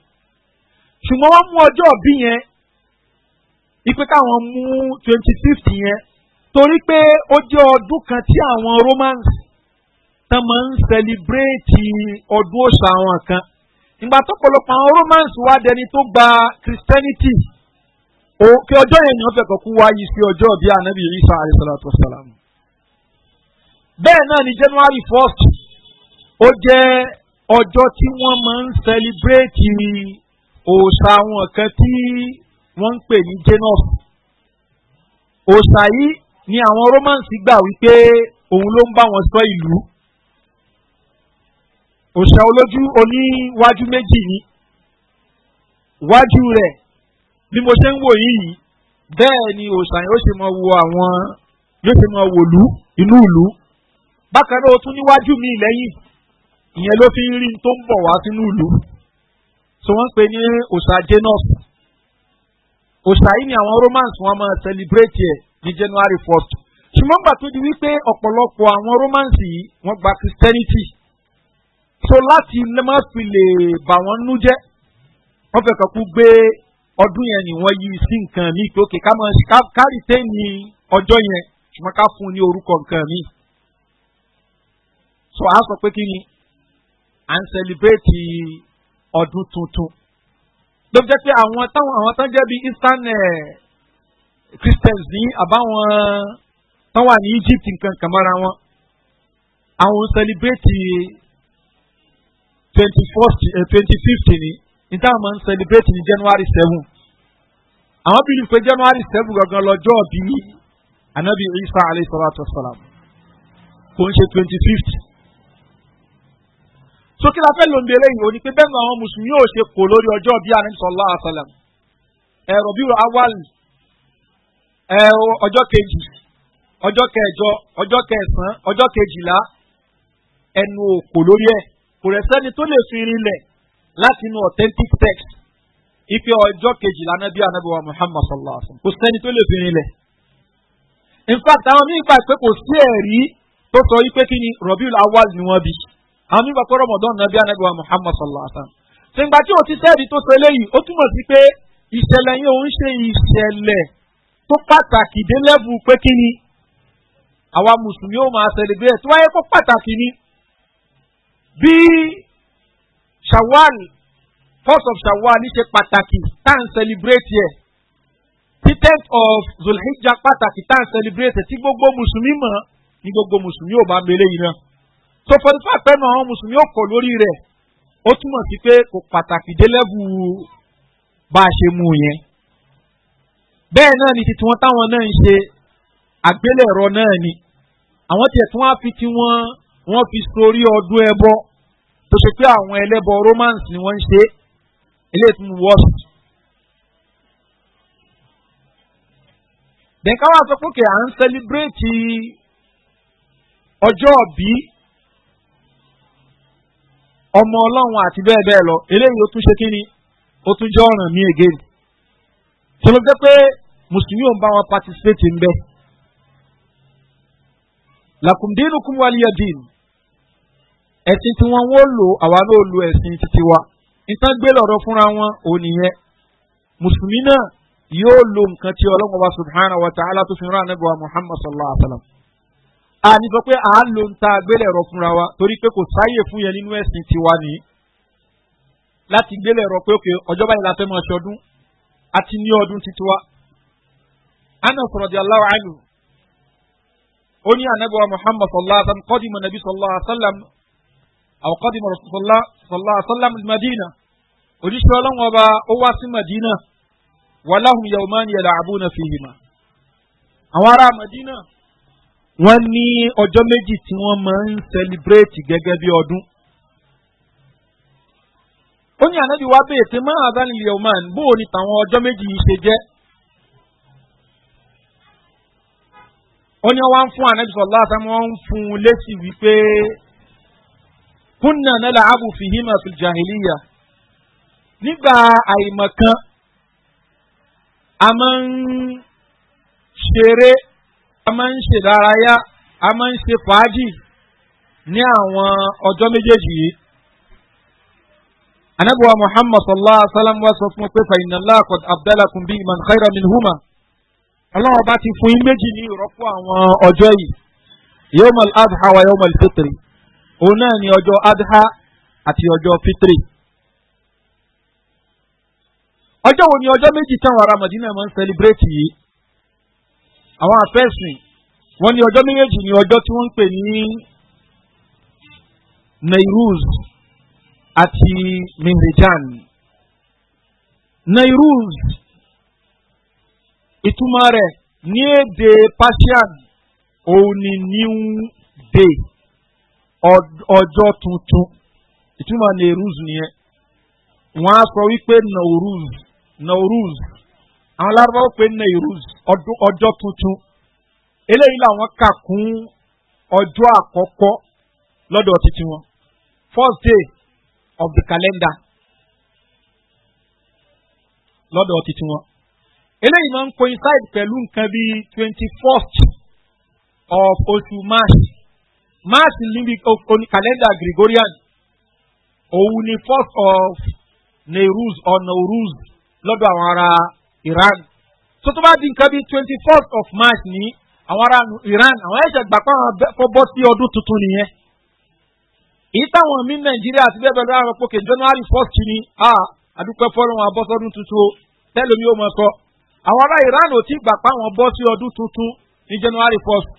ṣùgbọ́n wọ́n mú ọjọ́ bí yẹn ipe káwọn mú twenty fifth yẹn torí pé ó jẹ́ ọdún kan tí àwọn romans tán máa ń sẹlibréètì ọdún òṣà àwọn kan ìgbà tó pọ̀lọpọ̀ àwọn romans wá dẹni tó gba christianity kí ọjọ́ yẹn ni wọ́n fẹ́ kọ́kú wáyé sí ọjọ́ bí anabi isa alayhisalatu wasalam bẹ́ẹ̀ náà ni january first ó jẹ́ ọjọ́ tí wọ́n máa ń sẹlibrétì òòṣà àwọn kan tí wọ́n ń pè ní janus òòṣà yìí ni àwọn romans gbà wípé òun ló ń bá wọn sọ ìlú òòṣà olójú oníwájú méjì ni wájú rẹ̀ bí mo ṣe ń wò yìí bẹ́ẹ̀ ni òòsàn yóò ṣe máa wo àwọn yóò ṣe máa wòlú inú ìlú bákan náà ó tún níwájú mi lẹ́yìn ìyẹn ló fi ń rí tó ń bọ̀ wá sínú ìlú so wọ́n ń pè ní òòsà janus òòsà yìí ni àwọn romans wọn máa celebrate ẹ̀ ní january first ṣùgbọ́n gbà tó di wípé ọ̀pọ̀lọpọ̀ àwọn romans yìí wọ́n gba christianity so láti má fi lè bà wọ́n nú jẹ́ wọ́n fẹ́ kàn gbé ọdún yẹn ni wọ́n yí sí nǹkan mi pé òkè ká máa ká retain ní ọjọ́ yẹn ṣùgbọ́n ká fún un ní orúkọ nǹkan mi. so a sọ pé kí ni à ń celebrate ọdún tuntun ló fi jẹ́ pé àwọn táwọn àwọn tán jẹ́ bí eastern eh, christians ní àbáwọn tán wà ní egypt nǹkan kan mọ́ra wọn àwọn celebrate eh, twenty first twenty fifth ni níta máa ń celebrate ní january seven àwọn bìlì pé january seven gangan lọ́jọ́ bí anabi isa alayhi salatu wa salam kò ń ṣe twenty fifth sókè la fẹ́ lòun bèrè yìí ò pé bẹ́ẹ̀ ni àwọn mùsùlùmí ò ṣe kò lórí ọjọ́ bí anabi sallallahu alayhi wa salam ẹ̀rọ bíi awal ẹ̀rọ ọjọ́ kejì ọjọ́ kẹjọ ọjọ́ kẹsàn-án ọjọ́ kejìlá ẹnu òkò lórí ẹ̀ kò rẹ̀ sẹ́ni tó lè fi rinlẹ̀ láti inú authentic text ife ọjọ́ kejìlá anabi anabi wa muhammad sallallahu alaihi wa sallam kò sẹ́ni tó lè fi rinlẹ̀ in fact àwọn míì gbà pé kò sí ẹ̀rí tó sọ wípé kí ni rọ̀bíùl awal ni wọ́n bí àwọn míì gbà pé rọmọdán nàbí anabi wa muhammad sallallahu alaihi wa sallam ṣèǹgbà tí o ti sẹ́ẹ̀rí tó sọ eléyìí ó túmọ̀ sí pé ìṣẹ̀lẹ̀ yẹn òun ṣe ìṣẹ̀lẹ̀ tó pàtàkì dé lẹ́bù pé kí ni àwa mùsùlùmí ó máa celebrate tó wáyé kó pàtàkì ni bí shawwal first of shawwal ṣe pataki tan celebrate yẹ tí tenth of Zulhijjah pataki tan celebrate tí gbogbo mùsùlùmí mọ̀ ní gbogbo mùsùlùmí ò bá mele yìí náà so for the fact pé àwọn mùsùlùmí ò kọ̀ lórí rẹ̀ ó túmọ̀ sí pé kò pàtàkì dé lẹ́bù bá a ṣe mú yẹn bẹ́ẹ̀ náà ni titiwọn táwọn náà ń ṣe àgbélẹ̀rọ náà ni àwọn tiẹ̀ tí á fi tiwọn wọ́n fi sórí ọdún ẹbọ. E tó ṣe pé àwọn ẹlẹ́bọ romance ni wọ́n ń ṣe eléyìí tún worst. Bẹ̀ǹká wà sọ pé kè à ń sẹlibrétì ọjọ́ ọ̀bí ọmọ ọlọ́run àti bẹ́ẹ̀ bẹ́ẹ̀ lọ eléyìí ó tún ṣe kí ó tún jẹ́ ọ̀ràn mí again. tó ló jẹ́ pé mùsùlùmí ò ń bá wọn participate ń bẹ́. làkùndínlùkùn wàlíyà dìínù. ẹ̀sìn tí wọ́n wó lò àwa náà lo ẹ̀sìn títí wa nǹkan gbé fúnra wọn ò nìyẹn mùsùlùmí náà yóò lo nǹkan tí ọlọ́run subhana wa ta'ala tó fi rán wa muhammad sallallahu alaihi a ní sọ pé à lo nta gbélé ẹ̀rọ fúnra wa torí pé kò sáyè fún yẹn nínú ẹ̀sìn tiwa nìyí láti gbélé ẹ̀rọ pé òkè ọjọ́ báyìí la fẹ́ mọ ṣọdún àti ní ọdún titiwa ana sọ̀rọ̀ di aláwọ̀ àlù ó ní anabi wa muhammad sallallahu alaihi wa sallam kọ́ mọ̀ nàbí sallallahu aw qadima rasulullah sallallahu alaihi wa sallam madina oníṣẹ́ ọlọ́wọ́n ọba ó wá sí madina wàláhùn yawman yal'abuna fihima àwọn ará madina wọ́n ní ọjọ́ méjì tí wọ́n máa ń sẹlibrétì gẹ́gẹ́ bí ọdún ó ní ànábi wá bèè tí máa àdánilè oman bóò ni tàwọn ọjọ́ méjì yìí ṣe jẹ́ ó ní wọ́n wá fún ànábi sọ̀lá àtàwọn ń fún un lésì wípé kunna nal'abu fihima fil jahiliya nígbà àìmọ̀kan a máa ń ṣeré a máa ń ṣèdárayá a máa ń ṣe fàájì ní àwọn ọjọ́ méjèèjì yìí. anabuwa muhammad sallallahu alaihi wa sallam wa sọ fún pé fàyínà láàkọ̀dà abdalakun bíi man khayra min huma ọlọ́run bá ti fún yín méjì ní ìrọ́pò àwọn ọjọ́ yìí yawmal adha wa yawmal fitri òun náà ni ọjọ́ adha àti ọjọ́ fitri. ọjọ́ wo ni ọjọ́ méjì táwọn ará madina máa ń sẹlẹ̀bírẹ́tì yìí àwọn afẹ́sìn wọ́n ní ọjọ́ méjèèjì ni ọjọ́ tí wọ́n ń pè ní nairuz àti mihrijan nairuz ìtumọ̀ rẹ̀ ní èdè persian òun ni new day. ọjọ́ tuntun ìtumọ̀ nairuz nìyẹn wọ́n á sọ wípé nauruz nauruz àwọn alárúbáwò pé nairuz ọjọ́ tuntun eléyìí làwọn kà kún ọjọ́ àkọ́kọ́ lọ́dọ̀ títí wọn first day of the calendar lọ́dọ̀ títí wọn eléyìí máa ń coincide pẹ̀lú nǹkan bíi twenty first of oṣù march máàsì níbi kàlẹ́ndà gregorian òun ni first of na or nauruz lọ́dọ̀ àwọn ará iran tó tó bá di nǹkan of march ní àwọn iran àwọn ẹ̀ṣẹ̀ gbà pé àwọn kó bọ́ sí ọdún tuntun nìyẹn èyí táwọn mí nàìjíríà àti bẹ́ẹ̀ bẹ́ẹ̀ lọ́wọ́ pòkè january first ni a àdúpẹ́ fọ́lọ́wọn abọ́sọ́dún tuntun tẹ́lẹ̀ mi ò mọ̀ sọ àwọn ará iran ò tí gbà pé àwọn bọ́ sí ọdún tuntun ní january first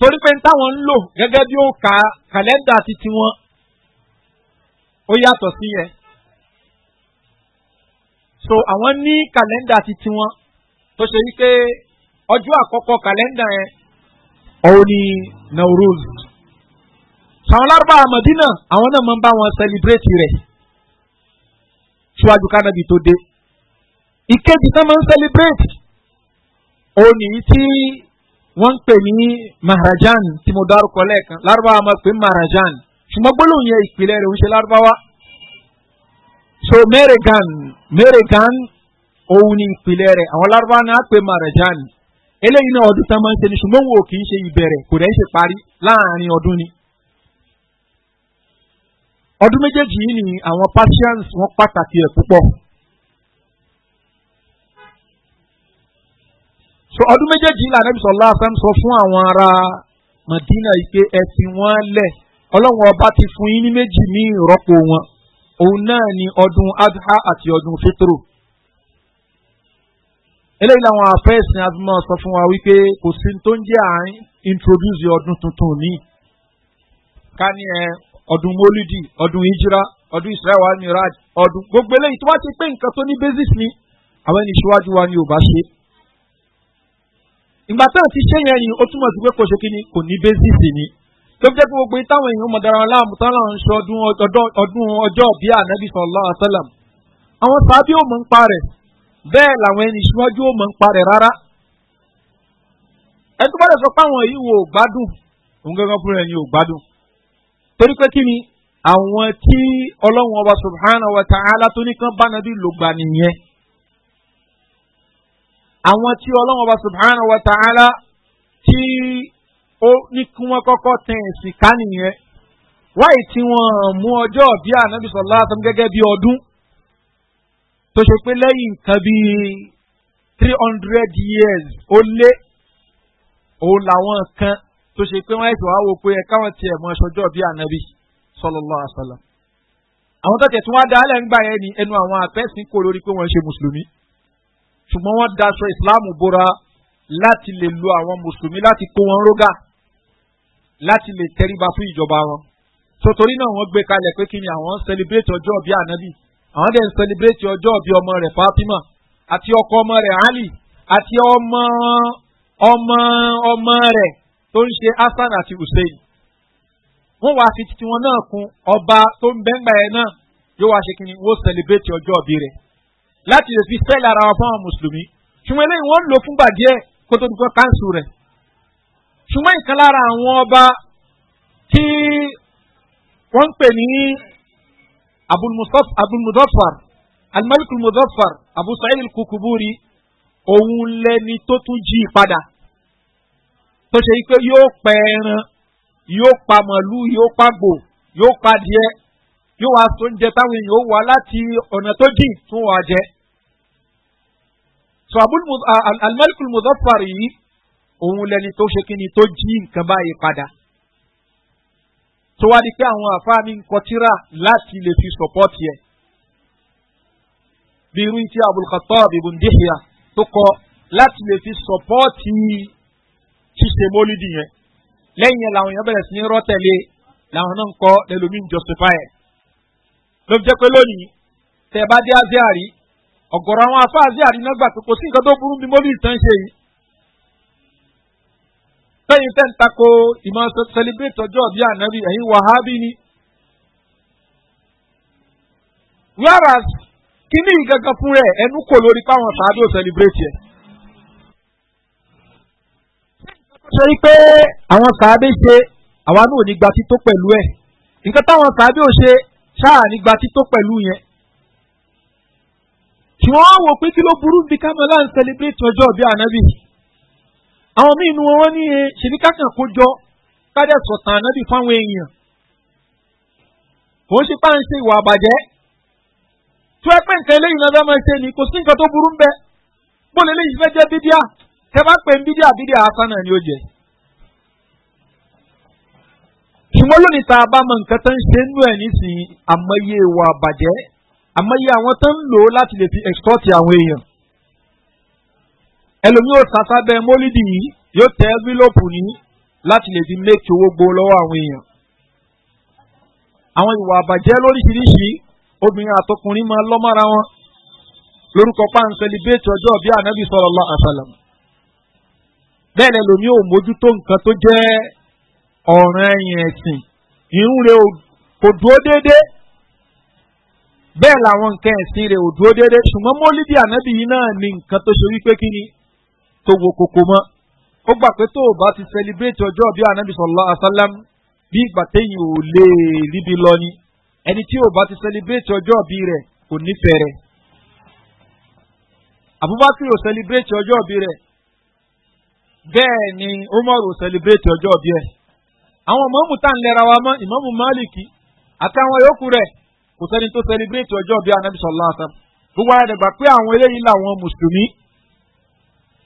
torí pé táwọn ń lò gẹ́gẹ́ bí ó ka kàlẹ́ndà ti tiwọn ó yàtọ̀ sí yẹn so àwọn ní kàlẹ́ndà ti tiwọn tó ṣe wípé ọjọ́ àkọ́kọ́ kàlẹ́ndà yẹn òun ni nauruz sàwọn lárúbá àmọ̀dínà àwọn náà máa ń bá wọn sẹlẹ̀bírẹ́tì rẹ̀ síwájú kánábì tó dé ìkejì náà máa ń sẹlẹ̀bírẹ́tì òun nìyí tí wọ́n ń pè ní maharajan tí mo dárúkọ lẹ́ẹ̀kan lárúbáwá máa pè maharajan ṣùgbọ́n gbólóhùn yẹn ìpìlẹ̀ rẹ̀ ń ṣe lárúbáwá. so mẹ́rẹ̀gan mẹ́rẹ̀gan òun ni ìpìlẹ̀ rẹ̀ àwọn lárúbáwá náà pè maharajan eléyìí náà ọdún tán máa ń ṣe ni ṣùgbọ́n wo kì í ṣe ìbẹ̀rẹ̀ kò dẹ̀ ṣe parí láàrin ọdún ni. ọdún méjèèjì yìí ni àwọn patients wọn pàtàkì ẹ̀ púpọ̀ so ọdún méjèèjì ilà nàbì sọlá fẹm sọ fún àwọn ará madina yìí pé ẹsìn wọn lẹ ọlọ́run ọba ti fún yín ní méjì ní ìrọ́pò wọn òun náà ni ọdún adha àti ọdún fitro eléyìí làwọn afẹ́sìn adúmọ̀ sọ fún wa wípé kò sí tó ń jẹ́ à ń introduce ọdún tuntun ní ká ní ẹ ọdún mólídì ọdún ìjírá ọdún israẹli wa miraj ọdún gbogbo eléyìí tó bá ti pé nǹkan tó ní basis ni àwọn ẹni ìṣíwájú wa ni ò bá ṣe é ìgbà tá a ti ṣe yẹn ni ó túmọ̀ sí pé kò ṣe kíni kò ní bẹ́sìsì ni tó fi jẹ́ pé gbogbo táwọn èèyàn mọ̀dára wọn láàmú táwọn ń ṣe ọdún ọjọ́ bí ànábì sọ̀lá àṣálàm àwọn sábẹ́ ò mọ̀ ń pa rẹ̀ bẹ́ẹ̀ làwọn ẹni ìṣíwájú ò mọ̀ ń pa rẹ̀ rárá ẹni tó bá dẹ̀ sọ pé àwọn yìí wò ó gbádùn òun gángan fúnra ẹni ò gbádùn torí pé kí ni àwọn tí ọlọ́run ọba subhanahu wa ta'ala tó ní kán bá nàbí lògbà nìyẹn àwọn tí ọlọ́wọ́n bá subhanahu wa ta'ala tí ó ní kí wọ́n kọ́kọ́ tẹ̀ sí ká nìyẹn wáyé tí wọ́n mú ọjọ́ bí ànábì sọ̀lá àtàwọn gẹ́gẹ́ bí ọdún tó ṣe pé lẹ́yìn nǹkan bíi three hundred years ó lé òun làwọn kan tó ṣe pé wọ́n ẹ̀sìn wá wo pé ẹ̀ka wọn tiẹ̀ mọ ṣọjọ́ bí ànábì sọlọ́lá àṣàlà àwọn tó tẹ̀ tún wá dá alẹ́ yẹn ní ẹnu àwọn àfẹ́sìn kò lórí pé wọ́n ṣe mùsùlùmí ṣùgbọ́n wọ́n daṣọ ìsìláàmù bora láti lè lo àwọn mùsùlùmí láti kó wọn rógà láti lè tẹríba fún ìjọba wọn sotori náà wọ́n gbé kalẹ̀ pé kí ni àwọn ń celebrate ọjọ́ bíi ànábì àwọn dẹ̀ ń celebrate ọjọ́ bíi ọmọ rẹ̀ fatima àti ọkọ ọmọ rẹ̀ ali àti ọmọ ọmọ ọmọ rẹ̀ tó ń ṣe hasan àti hussein wọ́n wá fi titi wọn náà kun ọba tó ń bẹ́ngbà yẹn náà yóò wá ṣe kí ni wọ́n celebrate ọjọ́ bíi rẹ̀ láti lè fi sẹ́ẹ̀lì ara wọn fáwọn mùsùlùmí ṣùgbọ́n eléyìí wọ́n ń lò fúngbà díẹ̀ kó tó dùkọ́ káńsù rẹ̀ ṣùgbọ́n ìkan lára àwọn ọba tí wọ́n ń pè ní abdulmudaffar alimalik mudaffar abu sa'id kukuburi òun lẹni tó tún jí padà tó ṣe yí pé yóò pẹ ẹran yóò pa màlúù yóò pa gbò yóò pa díẹ̀ yóò wá so oúnjẹ táwọn èèyàn ó wá láti ọ̀nà tó dì fún wa jẹ. so alimẹ́lìkù mùsọ̀fàrì yìí òun lẹni tó ṣe kíni tó jí nǹkan báyìí padà. tó wá di pé àwọn àfáà mi ń kọtíra láti lè fi sọ̀pọ́tì ẹ̀. bí irú tí abulkatọ́ bíbu ndíhìá tó kọ láti lè fi sọ̀pọ́tì ṣíṣe mólídìí yẹn lẹ́yìn yẹn làwọn èèyàn bẹ̀rẹ̀ sí ní rọ́tẹ̀lé làwọn náà ń kọ́ lẹ́lòmíì justify ẹ̀ ló fi jẹ́ pé lónìí tẹ̀ bá dé azeari ọ̀gọ̀rọ̀ àwọn afá azeari náà gbà pé kò sí nǹkan tó burú bí mọ́lì tán ṣe yìí. lẹ́yìn tẹ́ ń tako ìmọ̀ sẹlẹ̀bírẹ̀tì ọjọ́ bíi ànábì ẹ̀yin wàhábì ni. whereas kíní ìgangan fún rẹ̀ ẹnu kò lórí páwọn sàádó sẹlẹ̀bírẹ̀tì ẹ̀. ṣe pé àwọn sàádé ṣe àwa náà ò ní gba tító pẹ̀lú ẹ̀ nǹkan táwọn sàádé ò ṣe ṣáà nígbà tító pẹ̀lú yẹn tí wọ́n wò pé kí ló burú bí kámẹ́lá ń celebrate ọjọ́ bí ànábì àwọn míì nu wọn ní ṣèbí kákan kó jọ kádẹ sọ̀tàn ànábì fáwọn èèyàn kò ń ṣe pá ń ṣe ìwà àbàjẹ́ tó ẹ pé nǹkan eléyìí náà fẹ́ ṣe ni kò sí nǹkan tó burú ń bẹ bó lè léyìí fẹ́ jẹ́ bídíà tẹ bá pè ń bídíà bídíà asán náà ni ó ṣùgbọ́n lónìí tá a bá mọ nǹkan tó ń ṣe nínú ẹ̀ nísìnyí àmọye ìwà àbàjẹ́ àmọye àwọn tó ń lò ó láti lè fi export àwọn èèyàn ẹlòmíì ò sàṣàbẹ mólídì yìí yóò tẹ ẹ́fílọ́pù ní láti lè fi méèkì owó gbó lọ́wọ́ àwọn èèyàn àwọn ìwà àbàjẹ́ lóríṣiríṣi obìnrin àtọkùnrin máa lọ́mọ́ra wọn lórúkọ páńsẹ̀ libéètì ọjọ́ bíi ànábì sọ̀rọ̀ lọ́ àṣàlẹ̀ bẹ́ẹ̀ ni ò mójútó nǹkan tó jẹ́ ọ̀ràn ẹ̀yìn ẹ̀sìn ìrun rẹ̀ kò dúró déédé bẹ́ẹ̀ làwọn nǹkan ẹ̀sìn ò dúró ṣùgbọ́n mọ́lídìí ànábì yìí náà ni nǹkan tó ṣe wípé kí ni tó wo mọ́ ó gbà pé tó o bá ti celebrate ọjọ́ bí ànábì sọ̀lá bí ìgbà téyìn ò lè ríbi lọ ni ẹni tí o bá ti ọjọ́ bí rẹ̀ kò nífẹ̀ẹ́ rẹ̀ abubakar ò ọjọ́ bí rẹ̀ bẹ́ẹ̀ ni àwọn mọ́mù tá à ń lẹ́ra wa mọ́ ìmọ̀mù máàlìkì àtàwọn yòókù rẹ̀ kò sẹ́ni tó sẹlẹ̀bírẹ̀tì ọjọ́ bíi anabi sọ̀lá àtàm gbogbo ara dàgbà pé àwọn eléyìí làwọn mùsùlùmí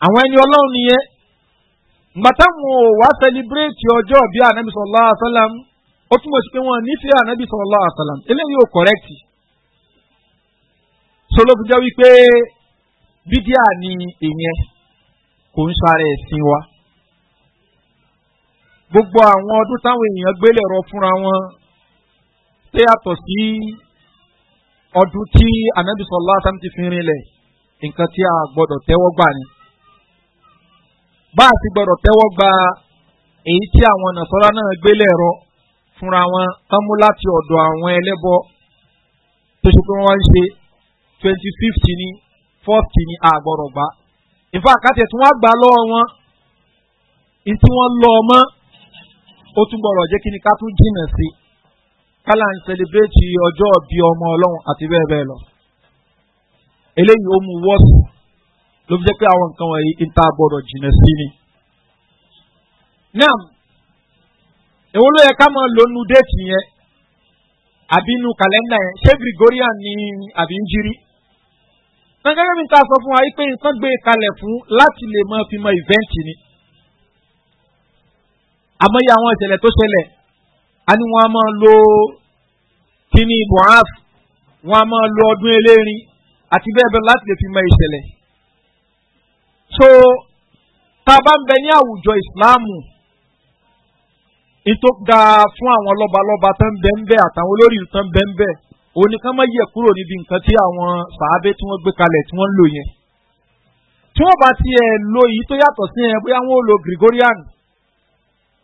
àwọn ẹni ọlọ́run nìyẹn gbàtàwọn ò wá sẹlẹ̀bírẹ̀tì ọjọ́ bíi anabi sọ̀lá àtàlám ó túmọ̀ sí pé eléyìí ò wípé bídíà ni ìyẹn kò ń wa. gbogbo àwọn ọdún táwọn èèyàn gbélé ẹ̀rọ fúnra wọn tó yàtọ̀ sí ọdún tí anabi sọlá sam ti fi rinlẹ̀ nǹkan tí a gbọ́dọ̀ tẹ́wọ́ gbà ni. bá a ti gbọ́dọ̀ tẹ́wọ́ gba èyí tí àwọn nàṣọ́lá náà gbélé ẹ̀rọ fúnra wọn tán mú láti ọ̀dọ̀ àwọn ẹlẹ́bọ tó ṣe pé wọ́n ń ṣe twenty fifth ni fourth ni a gbọ́dọ̀ gbà. ìfọ̀ àkàtẹ̀ tí wọ́n gbà lọ́wọ́ wọn ìtí wọ́n lọ ọmọ ó tún bọ̀rọ̀ jẹ́ kí ni ká tún jìnà sí kálá ń sẹlẹ̀bẹ́ẹ̀tì ọjọ́ bíi ọmọ ọlọ́run àti bẹ́ẹ̀ bẹ́ẹ̀ lọ. eléyìí ó mu wọ́ọ̀sì ló fi jẹ́ pé àwọn nǹkan wọ̀nyí ń ta gbọ́dọ̀ jìnà sí ni. náà èwo ló yẹ ká máa lónú déètì yẹn àbí inú kàlẹ́ndà yẹn ṣé gregorian ni àbí ń jírí. gẹ́gẹ́ bí n ta sọ fún wa pé nǹkan gbé kalẹ̀ fún láti lè máa fi mọ ìvẹ́ǹtì ni àmọ́yé àwọn ìṣẹ̀lẹ̀ tó ṣẹlẹ̀ a ní wọ́n á máa lo kíní buhaf wọ́n á máa lo ọdún elérin àti bẹ́ẹ̀ bẹ́ẹ̀ láti lè fi mọ ìṣẹ̀lẹ̀. so tá a bá ń bẹ ní àwùjọ ìsìláàmù ìtò ga fún àwọn lọ́balọ́ba tó ń bẹ ń bẹ àtàwọn olórí tó ń bẹ ń bẹ oníkan máa yẹ kúrò níbi nǹkan tí àwọn sàábé tí wọ́n gbé kalẹ̀ tí wọ́n ń lò yẹn tí wọ́n bá tiẹ̀ lo èyí tó yàtọ̀ sí yẹn bóyá wọ́n ó lo gregorian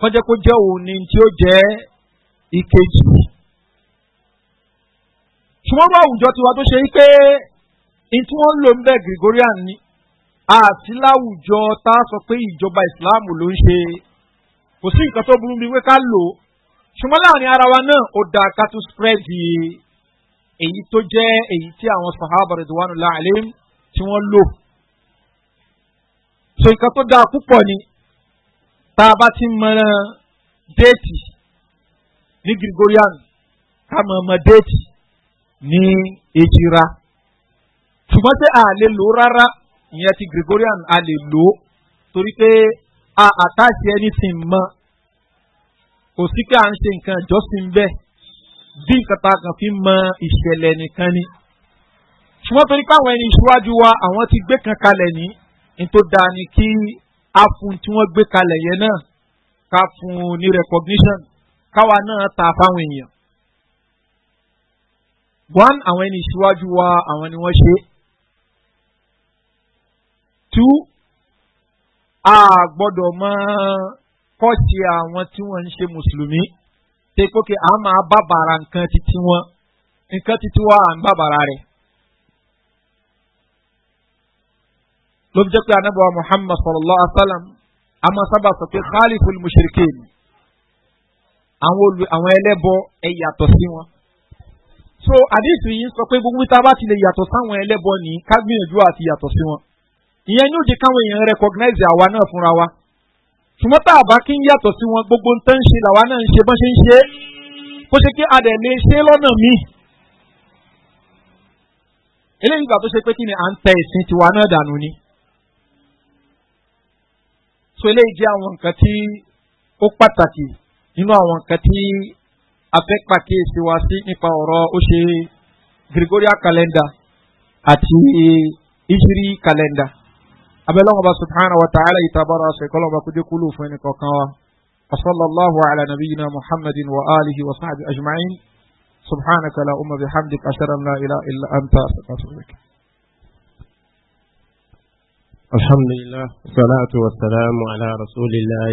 kọjá kó jẹ́ òun ni tí ó jẹ́ ìkejì. ṣùgbọ́n bá àwùjọ tiwa tó ṣe yí pé n tí wọ́n lò ń bẹ̀ gregorian ni àti láwùjọ tá a sọ pé ìjọba islam ló ń ṣe kò sí nǹkan tó burú bíi pé ká lò ó ṣùgbọ́n láàrin ara wa náà ó da ká tún spread èyí tó jẹ́ èyí tí àwọn sahaba rẹ̀dùwánu láàlẹ́ tí wọ́n lò. so nǹkan tó dáa púpọ̀ ni tá a bá ti mọ̀ràn déètì ní gregorian ká mọ̀ ọmọ déètì ní ejira ṣùgbọ́n pé a lè lò rárá ìyẹn ti gregorian a lè lò torí pé a àtàṣe ẹni sì mọ kò sí pé à ń ṣe nǹkan ìjọsìn bẹ́ẹ̀ bí nǹkan tá a kàn fi mọ ìṣẹ̀lẹ̀ nìkan ni ṣùgbọ́n torí pé àwọn ẹni ìṣíwájú wa àwọn ti gbé kan kalẹ̀ ní ní tó dáa ni kí a fún tí wọ́n gbé kalẹ̀ yẹn náà ká fún ní recognition káwa náà ta fáwọn èèyàn. one àwọn ẹni ìṣíwájú wa àwọn ni wọ́n ṣe. two a gbọ́dọ̀ mọ kọ́ọ̀tì àwọn tí wọ́n ń ṣe mùsùlùmí tẹ́kọ̀kẹ́ a máa bàbàrà nǹkan titi wọn nǹkan titi wa à ń bàbàrà rẹ̀. ló fi jẹ́ pé anábọ̀ muhammad sallallahu alaihi wa sallam a máa sábà sọ pé khaliful mushrikin àwọn olù àwọn ẹlẹ́bọ ẹ yàtọ̀ sí wọn. so àdéhùn yìí sọ pé gbogbo tá a bá ti lè yàtọ̀ sáwọn ẹlẹ́bọ ní ká gbìyànjú àti yàtọ̀ sí wọn. ìyẹn ní òde káwọn èèyàn recognize àwa náà fúnra wa. ṣùgbọ́n tá a bá kí ń yàtọ̀ sí wọn gbogbo nǹkan ń ṣe làwa náà ń ṣe bọ́n ṣe ń ṣe kó ṣe pé a lè ṣe lọ́nà míì. eléyìí ìgbà tó ṣe pé kí ni à ń tẹ ìsìn tiwa náà dànù ni so eléyìí jẹ́ àwọn nǹkan tí ó pàtàkì nínú àwọn nǹkan tí a fẹ́ pàkíyèsí wa sí nípa ọ̀rọ̀ ó ṣe gregorian calendar àti ìṣírí calendar abẹ́lẹ́wọ̀nba subhana wa ta'ala ìtàbára ṣèkọ́lọ́ba kújẹ́ kúlù fún ẹnì kọ̀ọ̀kan wa وصلى الله على نبينا محمد وآله وصحبه أجمعين سبحانك لا أم بحمدك أشهد أن لا إله إلا أنت أستغفرك الحمد لله والصلاة والسلام على رسول الله